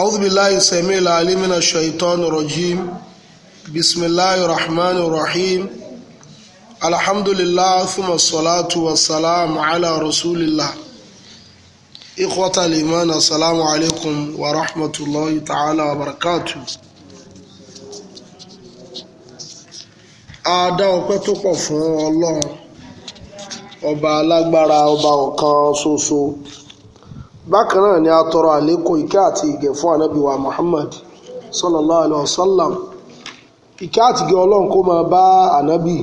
أعوذ بالله السميع العليم من الشيطان الرجيم بسم الله الرحمن الرحيم الحمد لله ثم الصلاة والسلام على رسول الله إخوة الإيمان السلام عليكم ورحمة الله تعالى وبركاته a dá ọpẹ́ tó pọ̀ fún Ọlọ́run ọba alágbára ọba ọ̀kan ṣoṣo bákan náà ni a tọrọ àlékún ìkẹ́ àti ìgẹ̀ fún ànábì wa Muhammad sallallahu alayhi sallam ìkẹ́ àti ìgẹ̀ ọlọ́run kó máa bá ànábì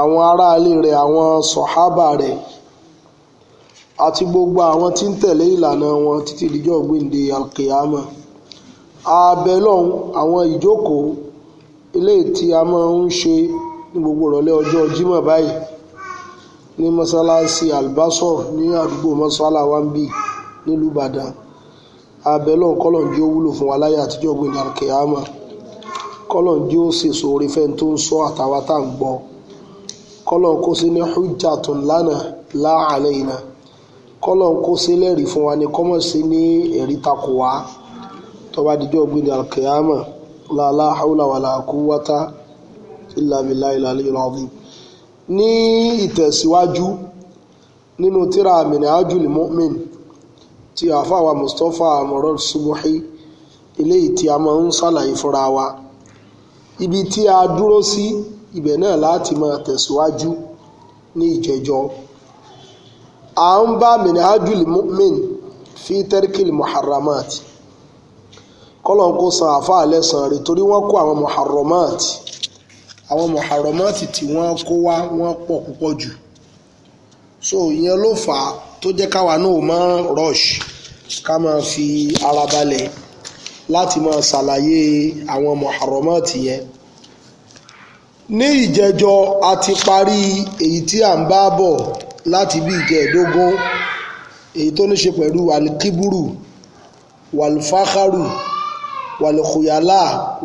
àwọn aráalé rẹ̀ àwọn sọ̀hábà rẹ àti gbogbo àwọn tí ń tẹ̀lé ìlànà wọn títí alkiyama abẹ́lọ́hún àwọn ìjókòó eléyìí tí a máa ń ṣe ní gbogbo ní mọ́sálásí albasor ní àdúgbò mọ́sálà wambi nílùú ìbàdàn abẹ́lọ́ kọ́lọ̀njí ó wúlò fún wa láyé àtijọ́ gbé ní alkeama kọ́lọ̀njí ó sèso orí fẹ́ni tó ń sọ àtàwa tá à ń gbọ́ kọ́lọ̀n kó sí ní hujjatun lana la alayna kọ́lọ̀n kó sí lẹ́rìí fún wa ní kọ́mọ̀ sí ní ẹ̀rí takò wá tọ́ba àdìjọ́ gbé ní alkeama la la hawla wala quwwata illa billahi al-aliyyil azim ní ìtẹ̀síwájú nínú tíra Minhajul Mu'min ti àfàwà Mustapha Morad Subuhi eléyìí tí a máa ń ṣàlàyé fúnra wa ibi tí a dúró sí ibẹ̀ náà láti máa tẹ̀síwájú ní ìjẹjọ́ à ń bá Minhajul Mu'min fi tẹ́ríkìlì muharramat kọ́lọ́n kó san àfáà lẹ́sàn-án rẹ̀ torí wọ́n kó àwọn muharramat àwọn mọ̀hàrọ̀mọ́tì tí wọ́n kó wá wọ́n pọ̀ púpọ̀ jù so ìyẹn ló fà á tó jẹ́ káwa náà máa rush ká máa fi ara balẹ̀ láti máa ṣàlàyé àwọn mọ̀hàrọ̀mọ́tì yẹn ní ìjẹjọ a ti parí èyí tí à ń bá bọ̀ láti bí ìjẹ́ẹ̀dógún èyí tó ní ṣe pẹ̀lú alikiburu walfaharu walkuyala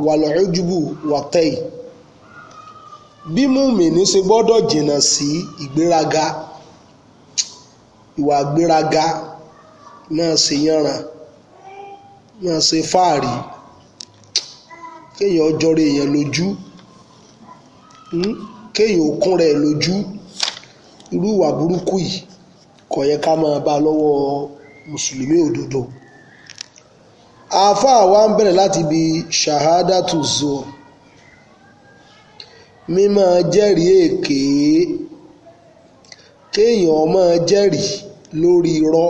walhujubu watai bí mùmíní ṣe gbọ́dọ̀ jìnnà sí ìgbéraga ìwà ìgbéraga náà ṣe yànràn náà ṣe fáàrí kéèyàn ọjọ́rẹ́ èèyàn lójú hmm, kéèyàn òkun rẹ̀ lójú irú ìwà burúkú yìí kò yẹ ká máa bá lọ́wọ́ mùsùlùmí òdodo àáfàá wa ń bẹ̀rẹ̀ láti ibi shahadatu zuhur mímáa jẹ́rìí èké kéèyàn máa jẹ́rìí lórí irọ́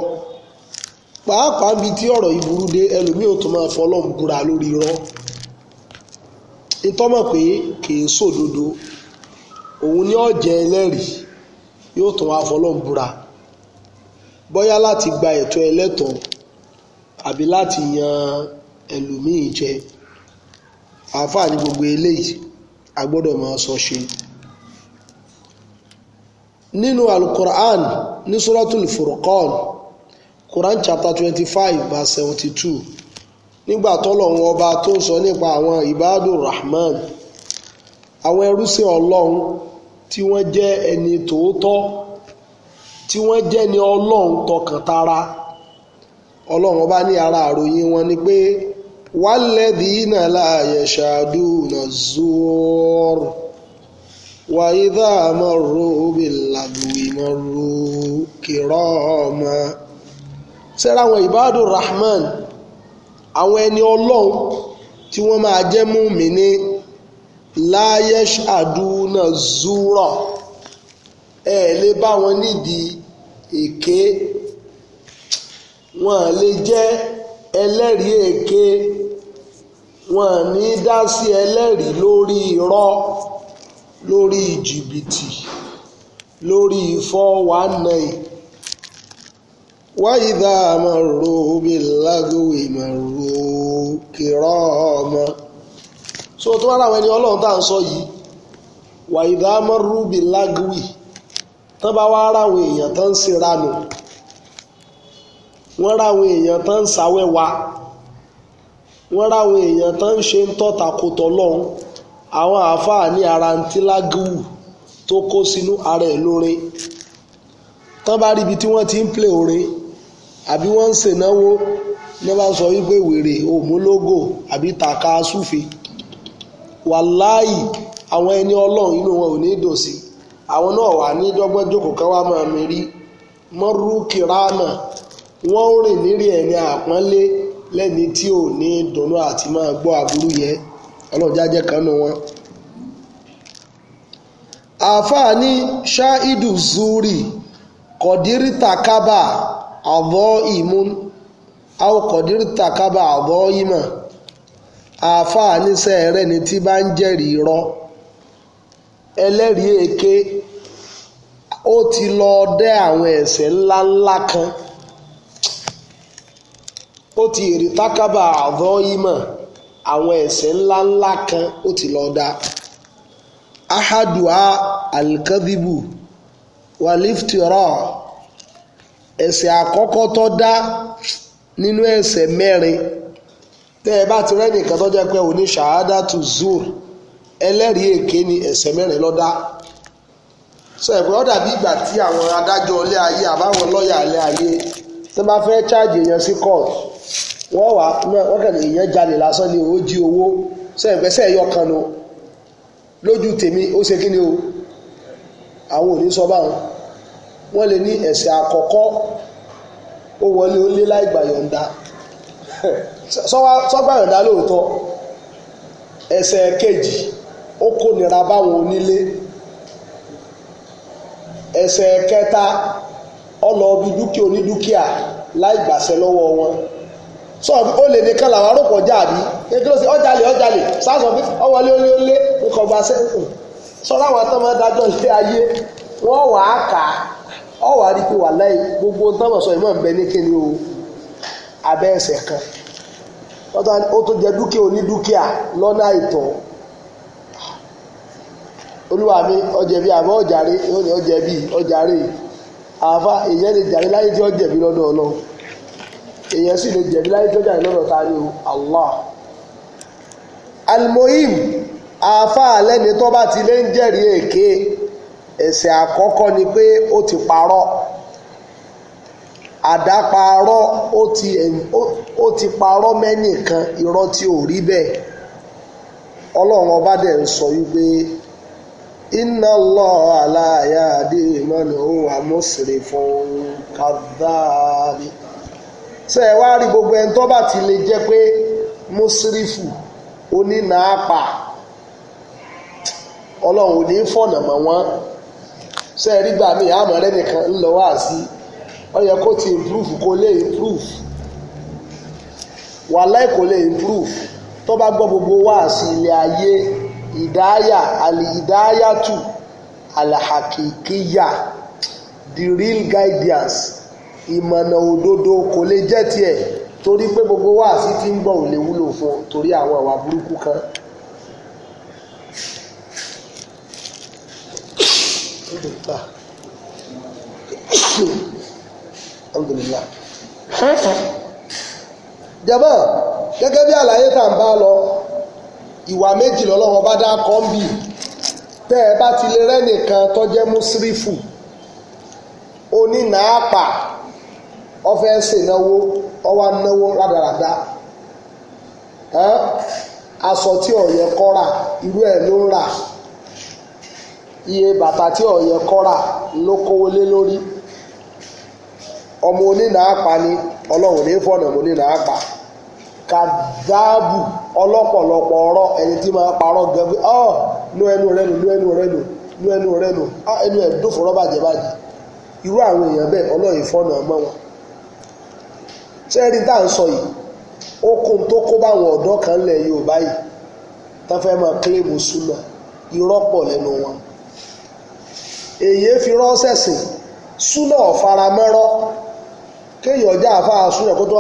pàápàá bíi tí ọ̀rọ̀ yìí burú dé ẹlòmíì ò tún máa fọlọ́run búra lórí irọ́ ìtọ́mọ̀ pé kì í sòdodo òun ni ọ̀jẹ̀ ẹlẹ́rìí yóò tún wá fọlọ́run búra bóyá láti gba ẹ̀tọ́ ẹlẹ́tọ̀ọ́ àbí láti yan ẹlòmíì jẹ àáfàá ní gbogbo eléyìí a gbọ́dọ̀ máa sọ ṣe nínú alukur'an ní suratul furqan quran chapter twenty five verse seventy two nígbà tọ́lọ́hún ọba tó ń sọ nípa àwọn ibadur rahman àwọn ẹrúsìn ọlọ́run tí wọ́n jẹ́ ẹni tòótọ́ tí wọ́n jẹ́ ni ọlọ́run tọkàntara ọlọ́run ọba ní ara àròyìn wọn ni pé. والذين لا يشهدون الزور وإذا مروا باللغو مروا كراما sẹ́ra àwọn ìbáàdù rahman àwọn ẹni ọlọ́run tí wọ́n máa jẹ́ múmìnì láyẹ̀ṣ àdúnà zúrọ̀ ẹ lè bá wọn nídìí èké wọn lè jẹ́ ẹlẹ́rìí èké. wọn ní dá sí ẹlẹ́rìí lórí irọ́ lórí jìbìtì lórí four one nine wáyídá àmọ̀rò omi lágòwé mọ̀rò kìrọ̀ ọmọ so tó bá láwọn ẹni ọlọ́run tá sọ yìí wàyídá àmọ̀rò omi lágòwé èèyàn ń èèyàn ń wọ́n ráwọn èèyàn tó ń ṣe ń tọ́ta kó tọ́lọ́run àwọn àáfàá ní ara ń tí lágùwù tó kó sínú ara ẹ̀ lóore tán bá rí ibi tí wọ́n ti ń play oore àbí wọ́n ń ṣènáwó ní bá sọ wípé wèrè òmúlógò àbí tàka súfe wàláì àwọn ẹni ọlọ́run inú wọn ò ní dùn sí àwọn náà wà ní dọ́gbọ́n jókòó máa mi rí mọ́rú kìrámà wọ́n ń rìn nírì ẹni àpọ́nlé lẹ́ni tí ò ní dùnnú àti máa gbọ́ aburú yẹn ọlọ́jà kan nù wọn. àáfàá ní ṣáídù zuri kọ̀dírí takaba àbọ̀ ìmú àwọn kọ̀dírí takaba àbọ̀ ìmọ̀ àáfàá níṣẹ́ rẹ̀ ni tí bá ń jẹ́rìí irọ́ ẹlẹ́rìí èké ó ti lọ dé àwọn ẹ̀ṣẹ̀ ńláńlá kan ó ti èrè tákàbà àgọ́ ìmọ̀ àwọn ẹ̀ṣẹ̀ ńláńlá kan ó ti lọ da ahadua alikadibu waliftira ẹ̀ṣẹ̀ àkọ́kọ́ tó dá nínú ẹ̀ṣẹ̀ mẹ́rin tẹ́ ẹ bá ti rẹ́ nìkan tó jẹ́ pé òní ṣahada tu zur ẹlẹ́rìí èké ni ẹ̀ṣẹ̀ mẹ́rin ló dá sọ ẹ̀pẹ́ ọ̀dà bí ìgbà tí àwọn adájọ́ ilé ayé àbáwọn lọ́ọ̀yà ilé ayé tó bá fẹ́ ṣáàjì èèyàn sí kóòtù wọ́n wà wọ́n kàn èèyàn jalè lásán ni ó jí owó sẹ́yìnfẹ́sẹ́ ẹ̀yọ kan nu lójú tèmi ó ṣe kí ni o àwọn ò ní sọ báwọn wọ́n lè ní ẹ̀sẹ̀ àkọ́kọ́ ó wọlé ó lé láì gbàyọ̀ǹda sọ́gbàyọ̀ǹda lóòótọ́ ẹsẹ̀ kejì ó kó nira báwọn onílé ẹsẹ̀ kẹta ọlọ́ọ̀bí dúkìá onídúkìá láì gbàṣẹ lọ́wọ́ wọn sọ ole lè nìkan làwọn a jáàbí kékeré si ọjàlè ọjàlè sásọ pé ọwọlé lé ó lé nǹkan bá ṣe sọ̀rọ̀ ilé ayé wọ́n wà á wà á i pé wà gbogbo tọ́mọ̀ sọ ìmọ̀ o abẹ́ ẹsẹ̀ kan ó tó jẹ dúkìá lọ́nà àìtọ́ olúwa mi àbọ̀ lè èèyàn sì lè jẹ̀bi láyé tó jáde lọ́dọ̀ ta ni Allah almohim àáfàá lẹ́ni tó bá ti lé ń jẹ́rìí èké ẹ̀ṣẹ̀ àkọ́kọ́ ni pé ó ti parọ́ àdáparọ́ ó ti ó ti parọ́ irọ́ tí ò rí bẹ́ẹ̀ ọlọ́run ọba dẹ̀ ń sọ wípé inna Allaha la yahdi man huwa musrifun kadhalik. ṣe ẹ wá rí gbogbo ẹni tó bá ti lè jẹ pé mùsírìfù onínàápa ọlọ́run ò ní fọ̀nà mọ́ wọn ṣe ẹ rí gbà mí àmọ́ rẹ nìkan ọ yẹ kó ti improve kó lè improve wàláì kò lè improve tó bá gbọ́ gbogbo wá sí ilé ayé ìdáyà àlè ìdáyà tù the real guidance ìmọ̀nà òdodo kò lè jẹ́ tiẹ̀ torí pé gbogbo wáàsí ti ń bọ̀ ò lè wúlò fún un torí àwọn ìwà burúkú kan. jẹ́bọ̀ gẹ́gẹ́ bí àlàyé tá à ń bá lọ ìwà méjì lọ́lọ́wọ́ bá dá kọ́ńbì tẹ́ ẹ bá ti lè rẹ́nìkan tọ́jẹ́ mùsírìfù onínàápà ọfẹ́ ṣe náwó ọwá náwó rádaràda aṣọ tí ọ̀yẹ́ kọ́ra irú ẹ̀ ló ń rà iye bàtà tí ọ̀yẹ́ kọ́ra ló kówó lé lórí ọmọ onínàápa ni ọlọ́run ní fọ̀nà ọmọ onínàápa kàdáàbù ọrọ ẹni tí máa ẹnu rẹ nù ẹnu rẹ nù ẹnu rẹ nù ẹnu dófò irú àwọn èèyàn ọmọ wọn sẹ́ẹ̀rí tá à ń sọ yìí okun tó kó ọ̀dọ́ kan lẹ̀ Yorùbá yìí tán fẹ́ máa kílèmù irọ́ pọ̀ lẹ́nu wọn èyí fi ránṣẹ́ sìn súnà ọ̀faramọ́rọ́ kéèyàn jẹ́ kó tó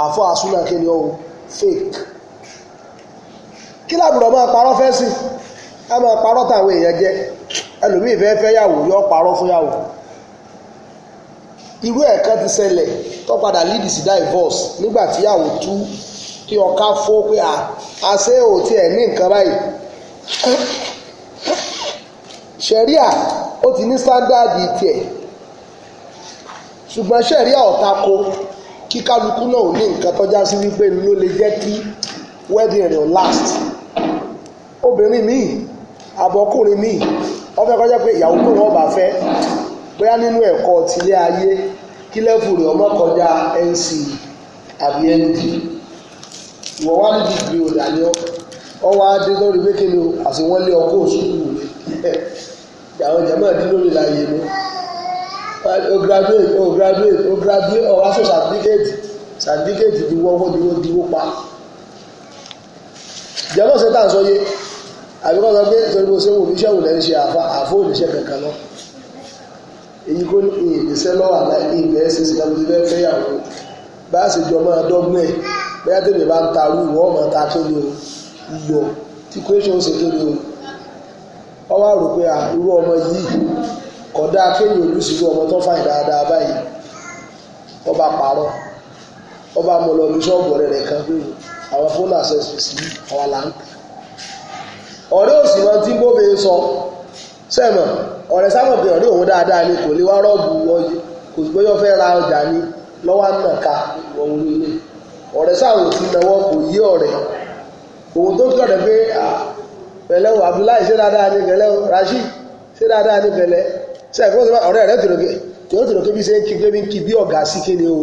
wá fake kí làbùrọ̀ máa parọ́ fẹ́ sí i a máa parọ́ táwọn èèyàn ẹlòmíì fẹ́ fẹ́ irú ẹ̀ kan ti ṣẹlẹ̀ tó padà lead sí divorce nígbà tíyàwó tú tí ọ̀ka fó pé à àṣé ò tiẹ̀ ní nǹkan báyìí ṣẹ̀ríà ó ti ní sáńdáàdì tiẹ̀ ṣùgbọ́n ṣẹ̀ríà ọ̀tako kí kálukú náà ò ní nǹkan tọ́já sí wípé ló lè jẹ́ kí wedding rẹ̀ last obìnrin míì àbọ̀kùnrin míì ó fẹ́ kọjá pé ìyàwó tó wọ́n bá fẹ́ bóyá nínú ẹ̀kọ́ tilé ayé kí lẹ́fù rẹ̀ ọmọ kọjá nc àbí nd ìwọ wá ní dìgbì òdà ni ọ wá dé lórí pé kíni o àti wọ́n lé ọkọ̀ òṣùwù rẹ̀ àwọn jàmbá dín lórí láàyè mi o graduate o graduate o graduate o wá sọ certificate certificate diwọ́ wọ́n diwọ́ diwọ́ pa jẹ́mọ́ sí tàà sọ yé àbíkọ́ sọ pé torí mo ṣe wò níṣẹ́ wò lẹ́ni ṣe àfá àfó oníṣẹ́ kankan lọ èyí kò ní ìgbésẹ̀ lọ́wọ́ àlá ìgbẹ́ ṣe sí ẹni tó fẹ́ fẹ́yàwó bá a ṣe jọ máa dọ́gbọ́n ẹ̀ bẹ́ẹ̀ tèmi bá ń tarú ìwọ́ ọmọ ta kí ni o iyọ̀ tí kúrẹ́ṣọ̀ ṣe kí ni o ọ wá rò pé irú ọmọ yìí kódà kéèyàn olùsìnkú ọmọ tó fàyè dáadáa báyìí ọba parọ́ ọba mọ lọ bí ṣọ́ọ̀bù rẹ̀ rẹ̀ kan gbèrò àwọn fóònù àṣẹṣe sí àwọn là ń pè ọ̀rẹ́ òsì máa ti ń bóbe sọ sẹ́mọ̀ ọ̀rẹ́ sábọ̀dé ọ̀rẹ́ òun dáadáa ni kò lè wá rọ́ọ̀bù ọyẹ kò sì gbọ́yọ́ fẹ́ ra ọjà ni lọ́wọ́ nàka ọ̀hún ilé ọ̀rẹ́ sáwọn ò ti náwó kò yí ọ̀rẹ́ òun tó kí ọ̀rẹ́ pé pẹ̀lẹ́ o Abdullahi ṣe dáadáa ní pẹ̀lẹ́ o Rashid ṣe dáadáa ní pẹ̀lẹ́ ṣe àìkú ọ̀sẹ̀ ọ̀rẹ́ rẹ̀ tòròkè yóò bí ṣe ń kí bí ń kí bí ọ̀gá sí kéde o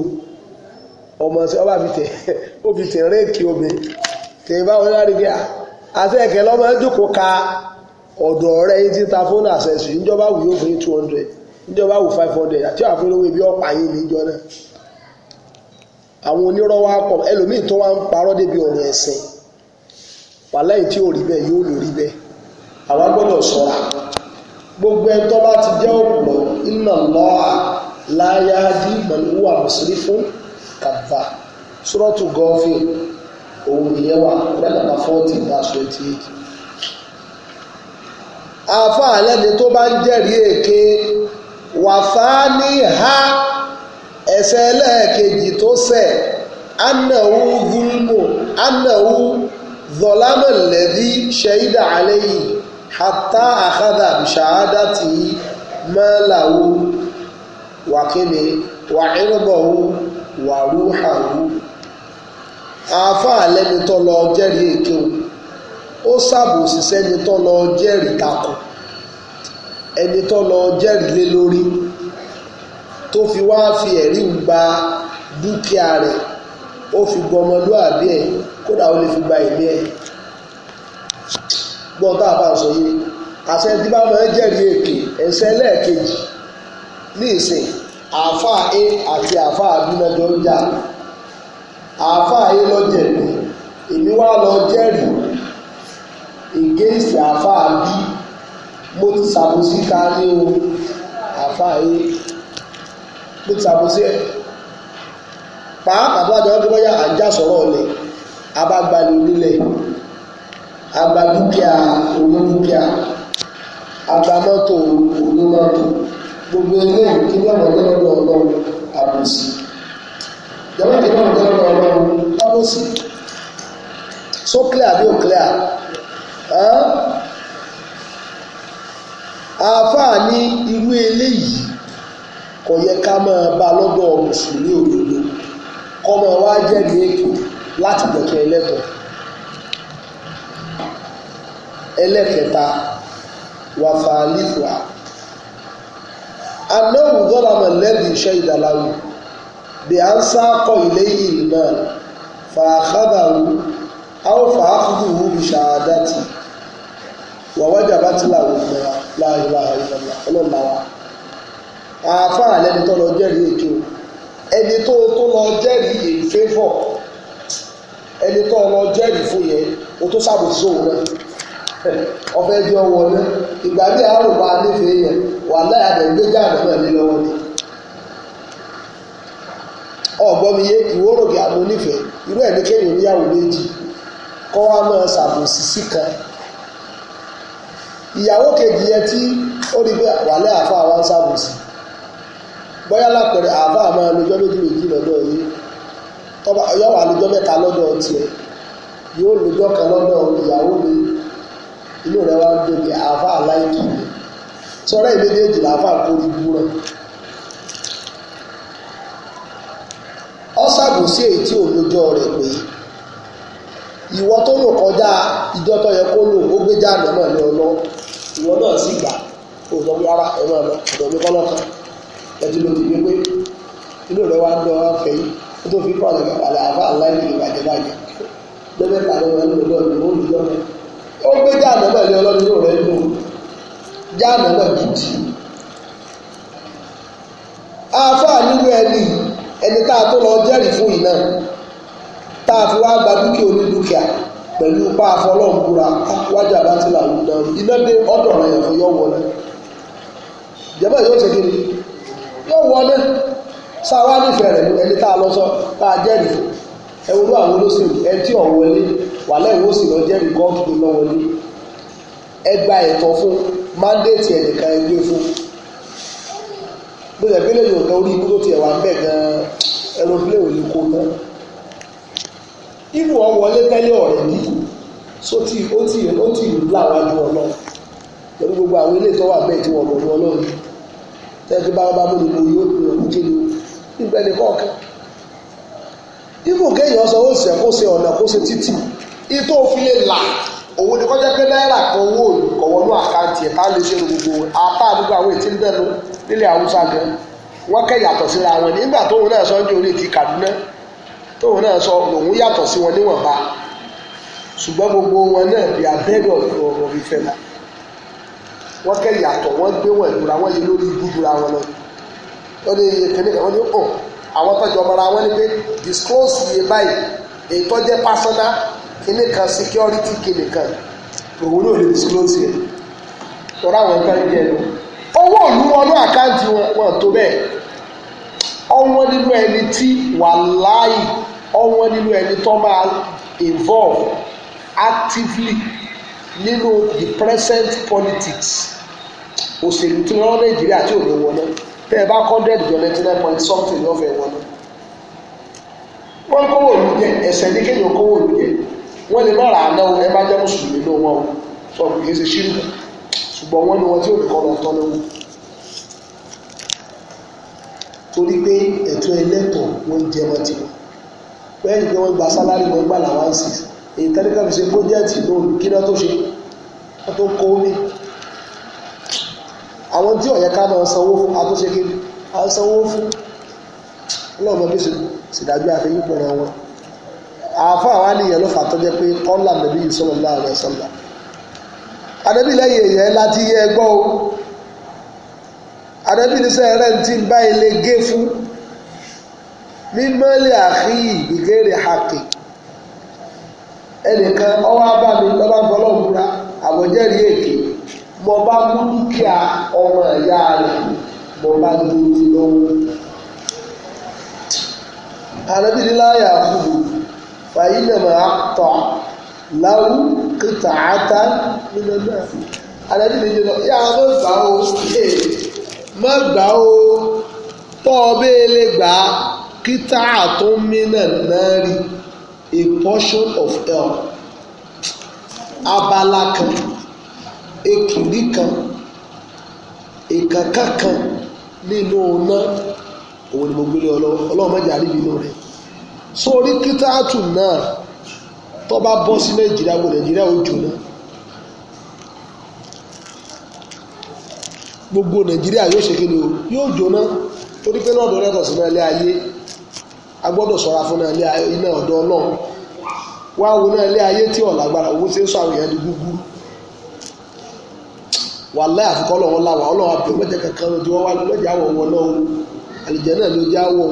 ọmọ sí ọba fi tẹ ó fi tẹ réèkì obìnrin tèmi báwo ni wọ́n á rí bí i ẹ̀kẹ́ lọ́mọ ẹjọ́ kó ọ̀dọ̀ ọ̀rẹ́ yìí ta phone àṣẹṣù ìjọba wù yóò fún yín two hundred ìjọba wù five hundred àti àfihàn owó ibi ọ̀pá yín níjọ náà àwọn wa ẹlòmíì tó wá ń parọ́ débi ọ̀rọ̀ ẹ̀sìn wàláì tí ò rí bẹ́ẹ̀ yóò lò rí bẹ́ẹ̀ àwa gbọ́dọ̀ gbogbo ẹtọ́ bá ti jẹ́ iná dí mùsùlùmí fún wà àáfàá lẹ́ni tó bá ń jẹ́rìí èké wàfáà ní ha ẹ̀ṣẹ̀ ẹlẹ́ẹ̀kejì tó ṣẹ̀ anahu zulmu anahu zọlámù lẹ́dí ṣẹ́yìdà àlẹ́yìn hàtà àkàdà ṣàádàtì mọ́láwù wàkínni wàhírùbọ̀wù wàrúhàwù àáfàá tó lọ jẹ́rìí èké o ó ṣàbòsí sẹ́ni tó lọ jẹ́rìí takò ẹni tó lọ jẹ́rìí lé lórí tó fi wá fi ẹ̀rí ń gba dúkìá rẹ̀ ó fi gbọ́ ọmọlúwàbí ẹ̀ kódà ó lè fi gba ìlú ẹ̀ gbọ́n tá a bá sọ yìí àṣẹ tí bá máa ń jẹ́rìí èké ẹ̀ṣẹ̀ lẹ́ẹ̀kejì ní ìsìn àáfàá a àti àáfàá b lọ́jọ́ ń jà àáfàá a lọ́jẹ̀bi èmi wá lọ jẹ́rìí against àáfàá bí mo ti ṣàbòsí ká ní o àáfàá yé mo ti ṣàbòsí ẹ̀ pàápàá tó àjọ ọdún bọ́yá àjà sọ̀rọ̀ ọ̀lẹ̀ abágbani onílẹ̀ agbadúkìá onídúkìá agbamọ́tò onímọ́tò gbogbo eléyìí kí ní ọ̀nà gbọ́dọ̀ ọlọ́run àbòsí jọ̀wọ́ kí ní ọ̀nà gbọ́dọ̀ ọlọ́run àbòsí so clear bí o clear àáfàá ní irú eléyìí kò yẹ ká máa bá lọ́dọ̀ mùsùlùmí òdodo kọ́ máa wá jẹ́rìí èkó láti gbẹ̀kẹ́ ẹlẹ́tọ̀ọ́ ẹlẹ́kẹta wàfàálìfà anáwó dọ́làmà lẹ́bi iṣẹ́ ìdàláwò bí a ń sáàkọ̀ ilé yìí náà fàákàdàwò àwọn fàákùdù wù bí ṣàádàtì wàwájà bá la làwọn ìlera láàrínlá ìlọ́lá ọlọ́lá wa àáfàá lẹni tó lọ jẹ́rìí èké o ẹni tó tó lọ jẹ́rìí in favour ẹni tó lọ jẹ́rìí fún yẹn o tó ṣàbòsí òun rẹ ọ̀fẹ́ di ọwọ́ rẹ ìgbà bí àárò bá nífẹ̀ẹ́ yẹn wà láyà rẹ gbéjà rẹ náà ní lọ́wọ́ ni ọ̀gbọ́n mi yé ìwórògì àmọ́ nífẹ̀ẹ́ irú ẹ̀ ní kéèyàn níyàwó méjì kọ́ wa máa ṣàbòsí sí kan ìyàwó kejì yẹn tí ó rí pé wàlẹ́ àfa wa ń sábòsì bóyá lápẹ̀rẹ̀ àfa máa lọ́jọ́ méjì méjì lọ́dọ̀ yìí tọ́ba ọyọ́ wà lọ́jọ́ mẹ́ta lọ́dọ̀ tiẹ̀ yóò lọ́jọ́ kan lọ́dọ̀ ìyàwó mi inú wá ń àfa mi làfa lọ́jọ́ rẹ̀ ìwọ tó lò kọjá ìjọ tó yẹ kó lò ó gbé jáde náà ní ọlọ ìwọ náà sì gbà òótọ́ bí rárá ẹ máa lọ ọ̀dọ̀ mi kọ́ lọ́kàn ẹtì ló ti gbé pé inú rẹ wá ń lọ wá fẹ́ yìí ó tó fi kọ́ ọ̀dọ̀ àlẹ́ àfa aláìní ìbàjẹ́ bàjẹ́ lẹ́gbẹ́ pàdé wọn lò lọ́ọ̀dù ó lù lọ́ọ̀dù ó gbé jáde náà ní ọlọ́dún inú rẹ lò jáde náà gidi àfa nílùú ẹni ẹni tá a tó lọ jẹ́rìí fún yìí náà tá a fi wá gba dúkìá pẹ̀lú pa àfọlọ́ǹbúra wájà bá ti làwọn náà iná dé ọ̀dọ̀ rẹ̀ yẹn fún yọ̀ wọlé ìjọba yóò ṣe kiri yóò wọlé sáwá nífẹ̀ẹ́ rẹ̀ ẹni tá a lọ sọ tá a jẹ́rìí ẹwúrú àwọn olóṣèlú ìwé òsì lọ jẹ́rìí tó lọ wọlé ẹ̀tọ́ fún ibù ọ wọlé tẹ́lẹ̀ ọ̀rẹ́ ní so tí ó tì ó tì láwájú ọlọ́run pẹ̀lú gbogbo àwọn ilé tó wà bẹ́ẹ̀ tí wọ́n bọ̀ ọlọ́run tẹ́lẹ̀ bá bá mú nínú yóò pè ọ́n kéde nígbà ẹni kọ̀ọ̀kan ibù kéèyàn sọ ó sẹ́ kó ṣe ọ̀nà kó ṣe títì ìtò òfin lè là òun ni kọjá pé náírà kan owó olùkọ̀wọ́nú àkáǹtì ẹ̀ká lè ṣe gbogbo apá àdúgbò àwọn ètí ń bẹ̀rù nílẹ̀ haúsá gan wọ́n kẹ́ yàtọ̀ síra wọn nígbà tóun náà sọ́njú orí ti Kaduna tóun náà sọ lòun yàtọ̀ sí wọn níwọ̀nba ṣùgbọ́n gbogbo wọn náà bí abẹ́rẹ́ ọ̀rọ̀ ìfẹ́ náà wọ́n kẹ́ yàtọ̀ wọ́n gbé wọn ìlú ra wọ́n yé lórí ibú dura wọn lọ wọ́n ní iye kẹ́lẹ́ kan wọ́n ní ọ̀ oh, àwọn tọ́jú ọmọ ara wọn ni pé disclose iye báyìí èyí tó jẹ́ personal kíní kan security kíní kan òun náà lè disclose yẹn tọ́ra àwọn ẹgbẹ́ yẹn lọ owó òlu wọnú àkáǹtì wọn tó bẹ́ẹ̀ ọwọ́n nínú ẹni tí wà láàyè ọwọ́n nínú ẹni tó máa involve actively nínú the present politics òṣèlú tí wọ́n nàìjíríà tí ò ní wọlé tẹ́ ẹ bá kọ́ hundred jọ ninety nine point something ló fẹ́ wọlé wọ́n kówó òlu jẹ ẹ̀sẹ̀ ní kéèyàn kówó òlu jẹ wọ́n lè má ra àná o ẹ bá jẹ́ mùsùlùmí ló wọn o sọ kìí ṣe ṣírù ṣùgbọ́n wọ́n ní wọn tí ò kọ́ lọ́tọ́ lówó torí pé ẹ̀tọ́ ẹlẹ́tọ̀ wọ́n jẹ wọn ti wọ́n ẹ̀yìn pé wọ́n gba sálárì wọ́n gbà làwọn sì èyí tẹ́lẹ̀kà fi ṣe pọ́jẹ́ẹ̀tì lóun kí náà tó ṣe wọ́n tó kó mi àwọn tí ọ̀yẹ́ ká máa sanwó fún àtúnṣe kí a ń sanwó fún ọlọ́mọ bí ṣèdájọ́ àfẹ́yìn pẹ̀lú wọn àáfà wa nìyẹn ló fà tó jẹ́ pé kọ́ńlá nàbí yìí sọ̀rọ̀ láàrin ọ̀sán là àdébí lẹ́yìn èèyàn láti yẹ ẹgbọ́ o àdẹ́bí ní sẹ́rẹ̀ tí ń bá ilé gé fún mímọ́lẹ̀ àkíyì ìgbèrè hàkì ẹnìkan ọwọ́ abá mi lọ́ba fọlọ́mùra àwọ̀jẹ́rìí èké mo bá mú dúkìá ọmọ ìyá rẹ̀ mo bá dúró lọ́wọ́ àdẹ́bí ní láyà kúrò fàyínàmọ́ àtọ̀ láwù kìtà átá nínú náà àdẹ́bí ní yíyan yàrá ló gbà ó ṣe má gbà ó tọ́ ọ bẹ́ẹ̀ lè gbà á kíta àtún mìíràn náà rí a portion of hell abala kan ekiri kan ìkàkà kan nínú ọ̀nà òun ni mo gbélé ọlọ́run mọ́jà rí inú rẹ̀ sórí kíta àtún náà tọ́ bá bọ́ sí nàìjíríà gbọ́ nàìjíríà ó jò gbogbo nàìjíríà yóò ṣe kíni o yóò jóná torí pé lọ́dọ̀ lẹ́tọ̀ sí náà ilé ayé a gbọ́dọ̀ ṣọ́ra fún náà iná ọ̀dọ̀ ọlọ́run wá wo náà ilé ayé tí ọ̀làgbára owó ṣe ń sọ àwọn èèyàn di gúgúrú wà láyà láwà kankan ti wọ́n wá lọ́jà wọn náà o àlìjẹ́ náà ló já wọ̀ o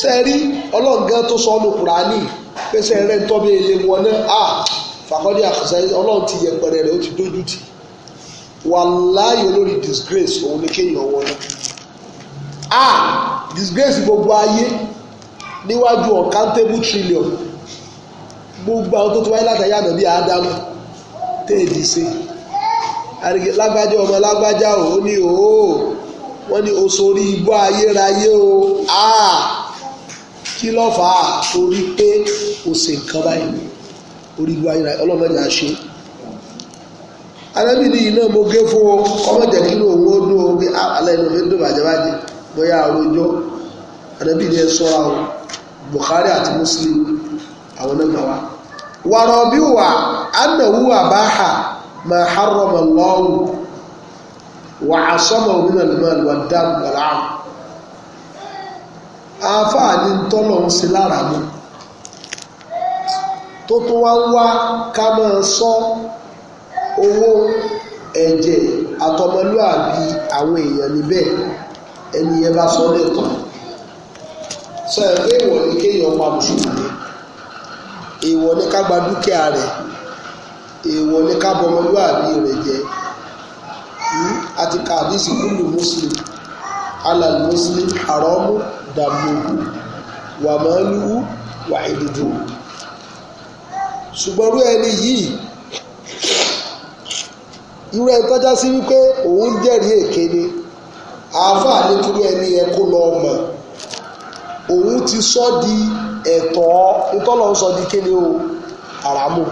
ṣe rí ọlọ́run gan tó sọ ọ́nù kùránì pé ṣe ń tọ́ bí wọn náà à àkọsẹ́ ọlọ́run ti wàláyé olórí disgrace òun ni kéèyàn wọlé ah disgrace gbogbo ayé níwájú uncountable trillion gbogbo àwọn tó ti wáyé látàrí ànábì ádámù téèdì sí lágbájá ọmọ lágbájá ò ní òó wọ́n ní oṣoorí ibú ayérayé o áà kí ló fà á torí pé kò sí nǹkan báyìí orí ibú ayérayé ọlọ́mọdé àṣẹ anábì ní iná mo gé fún o ọmọ jẹ́ kí ló wọ́n dún o pé ah, alẹ́ inú mi dùn bàjẹ́ bàjẹ́ bóyá àròjọ anábì ní ẹ sọ́ra o Bukhari àti Muslim àwọn náà gbà wá. wàrọ̀ bí wà ánáwó àbáhà máa hárọ̀mọ̀ lọ́wọ́ wà á sọ́mọ̀ òmìnira lẹ́mọ̀lẹ́ wà dáàbò wàlá àrùn. tọ́lọ̀ ń ṣe lára mi tó tún wá ń wá ká máa sọ owó ẹ̀jẹ̀ àtọmọlúàbí àwọn èèyàn níbẹ̀ ẹni yẹn bá sọ lẹ́tọ̀ọ́ sọ ẹ̀ pé èèwọ̀ ni kéèyàn pa mùsùlùmí èèwọ̀ ni ká gba dúkìá rẹ̀ èèwọ̀ ni ká bọmọlúàbí rẹ̀ jẹ́ àti hmm? kàdísì kúlù muslim alal muslim haramu dàmúhù wàmọ́lúhù wàhídìdù ṣùgbọ́n rú ẹni yìí irú ẹni tọ́já sí wípé òun jẹ́rìí èké ni àáfàá nítorí ẹni yẹn kó lọ mọ̀ òun ti sọ di ẹ̀tọ́ nítọ́lọ́ sọ di kéde o àràmù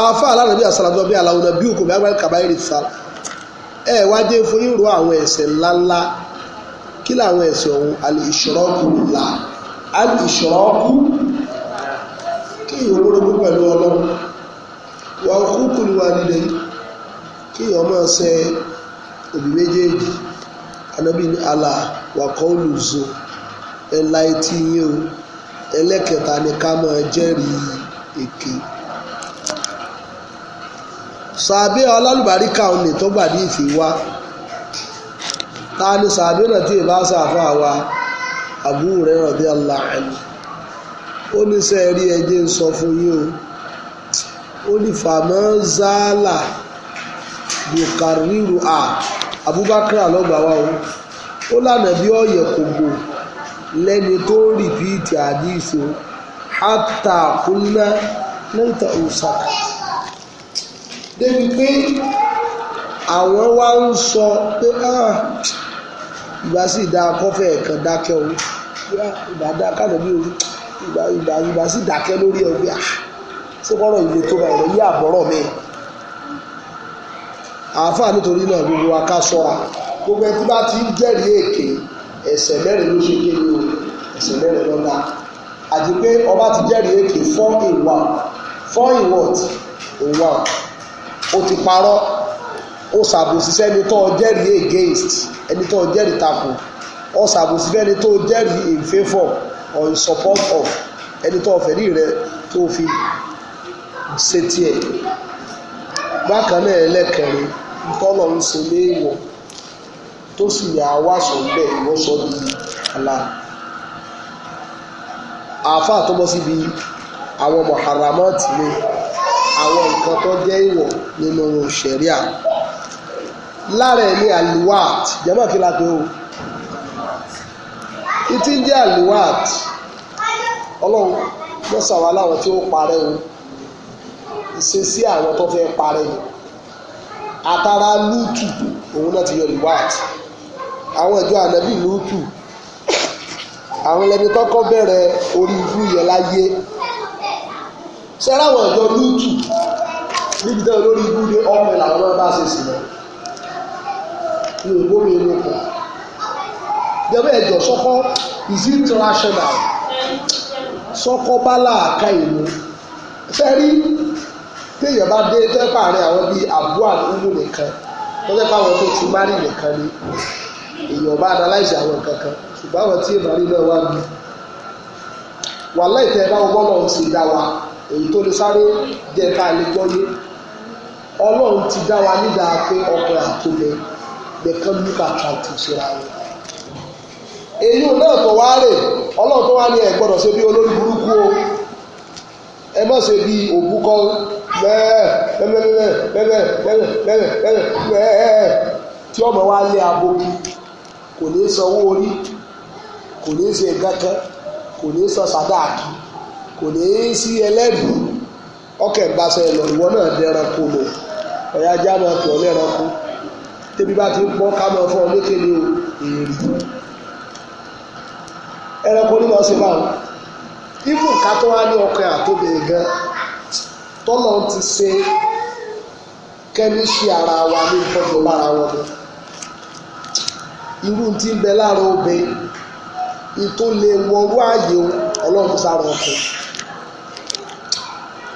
àáfàá alárẹ̀bí àsàlàbọ̀ bí aláwọ̀ náà bí òkú bí agbára kàbáyé rè sá ẹ wá dé fún ìró àwọn ẹ̀ṣẹ̀ ńláńlá kí làwọn ẹ̀ṣẹ̀ ọ̀hún àlè ìṣòrọ́kù là àlè ìṣòrọ́kù kí ìyókù ló gbogbo pẹ̀lú ọlọ́run wà òkúkú ni wà lílẹ̀ yìí kéèyàn máa ṣe òbí méjèèjì anábì ní àlà wàkọ́ olùzò ẹ̀la etí o ẹlẹ́kẹta ni ká máa jẹ́rìí èké sàbí ọlálùbáríkà òní tó gbàdí ìfì wa ta ni sàbí náà tí ìbá sàfà wa àbúrò rẹ̀ rọ̀bí aláàánú ó ní sẹ́ẹ̀rí ẹjẹ́ ń sọ fún yín o ó ní fàmọ́ zálà bùkàrírù à Abubakar alọ́gbà wa o ó lànà bí ọ̀yẹ̀ kò gbò lẹ́ni tó ń rìpíìtì àdìsí o hátà kúnná lẹ́tà òsàkà débi pé àwọn wá ń sọ pé ah, ìgbà sì dá kọfẹ́ ẹ̀kan dákẹ́ o ìgbà dá kánà bí o ìgbà sì dákẹ́ lórí ọgbẹ́ àá. Ah, ṣé bọ́rọ̀ ìlú tó báyìí lọ yí àbọ̀rọ̀ mi àáfàá nítorí náà gbogbo wa ká sọ́ra gbogbo ẹni tí bá ti ń jẹ́rìí èké ẹ̀ṣẹ̀ mẹ́rin ló ṣe kéde o ẹ̀ṣẹ̀ mẹ́rin ló dá àti pé ọba ti jẹ́rìí èké fọ́n ìwà fọ́n ìwọ̀t ìwà o ti parọ́ o ṣàbòsí sẹ́ni tó jẹ́rìí against ẹni tó jẹ́rìí takò o ṣàbòsí sẹ́ni tó jẹ́rìí in favour or in support of ẹni tó ọ̀fẹ́ rí rẹ tó fi sétí ẹ̀ bákan náà ẹlẹ́kẹrin ntọ́lọ̀ ń léèwọ̀ tó sì yà wá sọ bẹ́ẹ̀ ìwọ́ sọ di ala àáfà tó síbi àwọn mọ̀hàrámọ́tì ni àwọn nǹkan tó jẹ́ ìwọ̀ nínú lára ní aluwaat jẹ́mọ̀ la pé o ń jẹ́ aluwaat ọlọ́run mọ́sàwá láwọn tí ó parẹ́ ìṣesí àwọn tó fẹ́ parẹ́ ni àtàrà lútù òun náà ti yọ ìwáàt àwọn ìjọ ànábì lútù àwọn ẹlẹ́ni kọ́kọ́ bẹ̀rẹ̀ orí ibú yẹn láyé sẹ́rà àwọn ìjọ lútù níbi tẹ́ olórí ibú ni ọmọ ìlànà náà bá ṣe sí lọ ní ògbó mi ló kọ jẹ́bẹ́ ẹ̀jọ̀ sọ́kọ́ is it rational sọ́kọ́ bá làákà ìlú fẹ́ẹ́ rí téèyàn bá dé tẹ́pà rẹ̀ àwọn bíi àbúrò àdúgbò nìkan tó tẹ́pà àwọn tó ti rí ni èèyàn bá analyze àwọn nǹkan ṣùgbọ́n àwọn tí ìmọ̀ náà wá bí wàhálà ìtẹ́ bọ́lọ̀ dá wa èyí tó lè sáré jẹ́ ti dá wa nígbà pé attractive èyí náà wá rè ọlọ́run tó wá ní ẹ̀ gbọ́dọ̀ ṣe bí o. ẹ má ṣe bí òkú kọ́ mẹ́ẹ̀ẹ́ tí ọmọ wa lé abo kò ní sanwó orí kò ní ṣe gánkan kò ní san sàdáàkì kò ní sí ẹlẹ́rìí ọkẹ́ ń báṣẹ lọ ìwọ náà dẹranko lò ọ̀yá ajá máa pè ọ́ lẹ́ranko tẹ́bí bá ti ń pọ́ ká máa fọ́ ọ lékele o èrè ẹranko ní lọ́ọ́ sí báwọn even ká tó wá ní ọkọ àtòbìnrin gan tọ́lọ̀ ti ṣe kẹ́míṣì ara wa ní ìtọ́jú lára wọn ni irú tí ń bẹ lára obìnrin ìtò lè wọrú ààyè ọlọ́run sára ọkọ